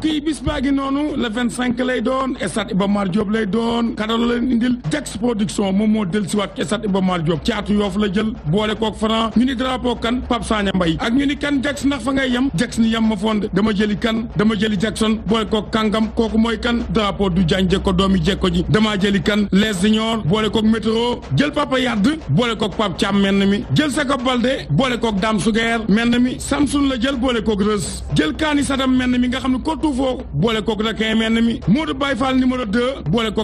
mbokk yi bis baa ngi noonu le 25 lay doon stade Iba Mar Diop lay doon kadalo leen indil Jax production moom moo del siwaat ci stade Iba Mar caatu yoofu la jël boole kook franc ñu ni drapeau kan Pape Sagna Mbaye ak ñu ni kan Jax ndax fa ngay yem Jax ni yem ma fond dama jëli kan dama jëli Jackson boole kook kàngam kooku mooy kan drapeau du jaan jekko doomi jekko ji dama jëli kan les seniors boole kook météo jël Papa Yadd boole kook Pape boole kook Dame Suguer menn mi la jël boole kook Reus suufoo boole kooku nag kay mel mi Modou Baye Fall numéro 2 boole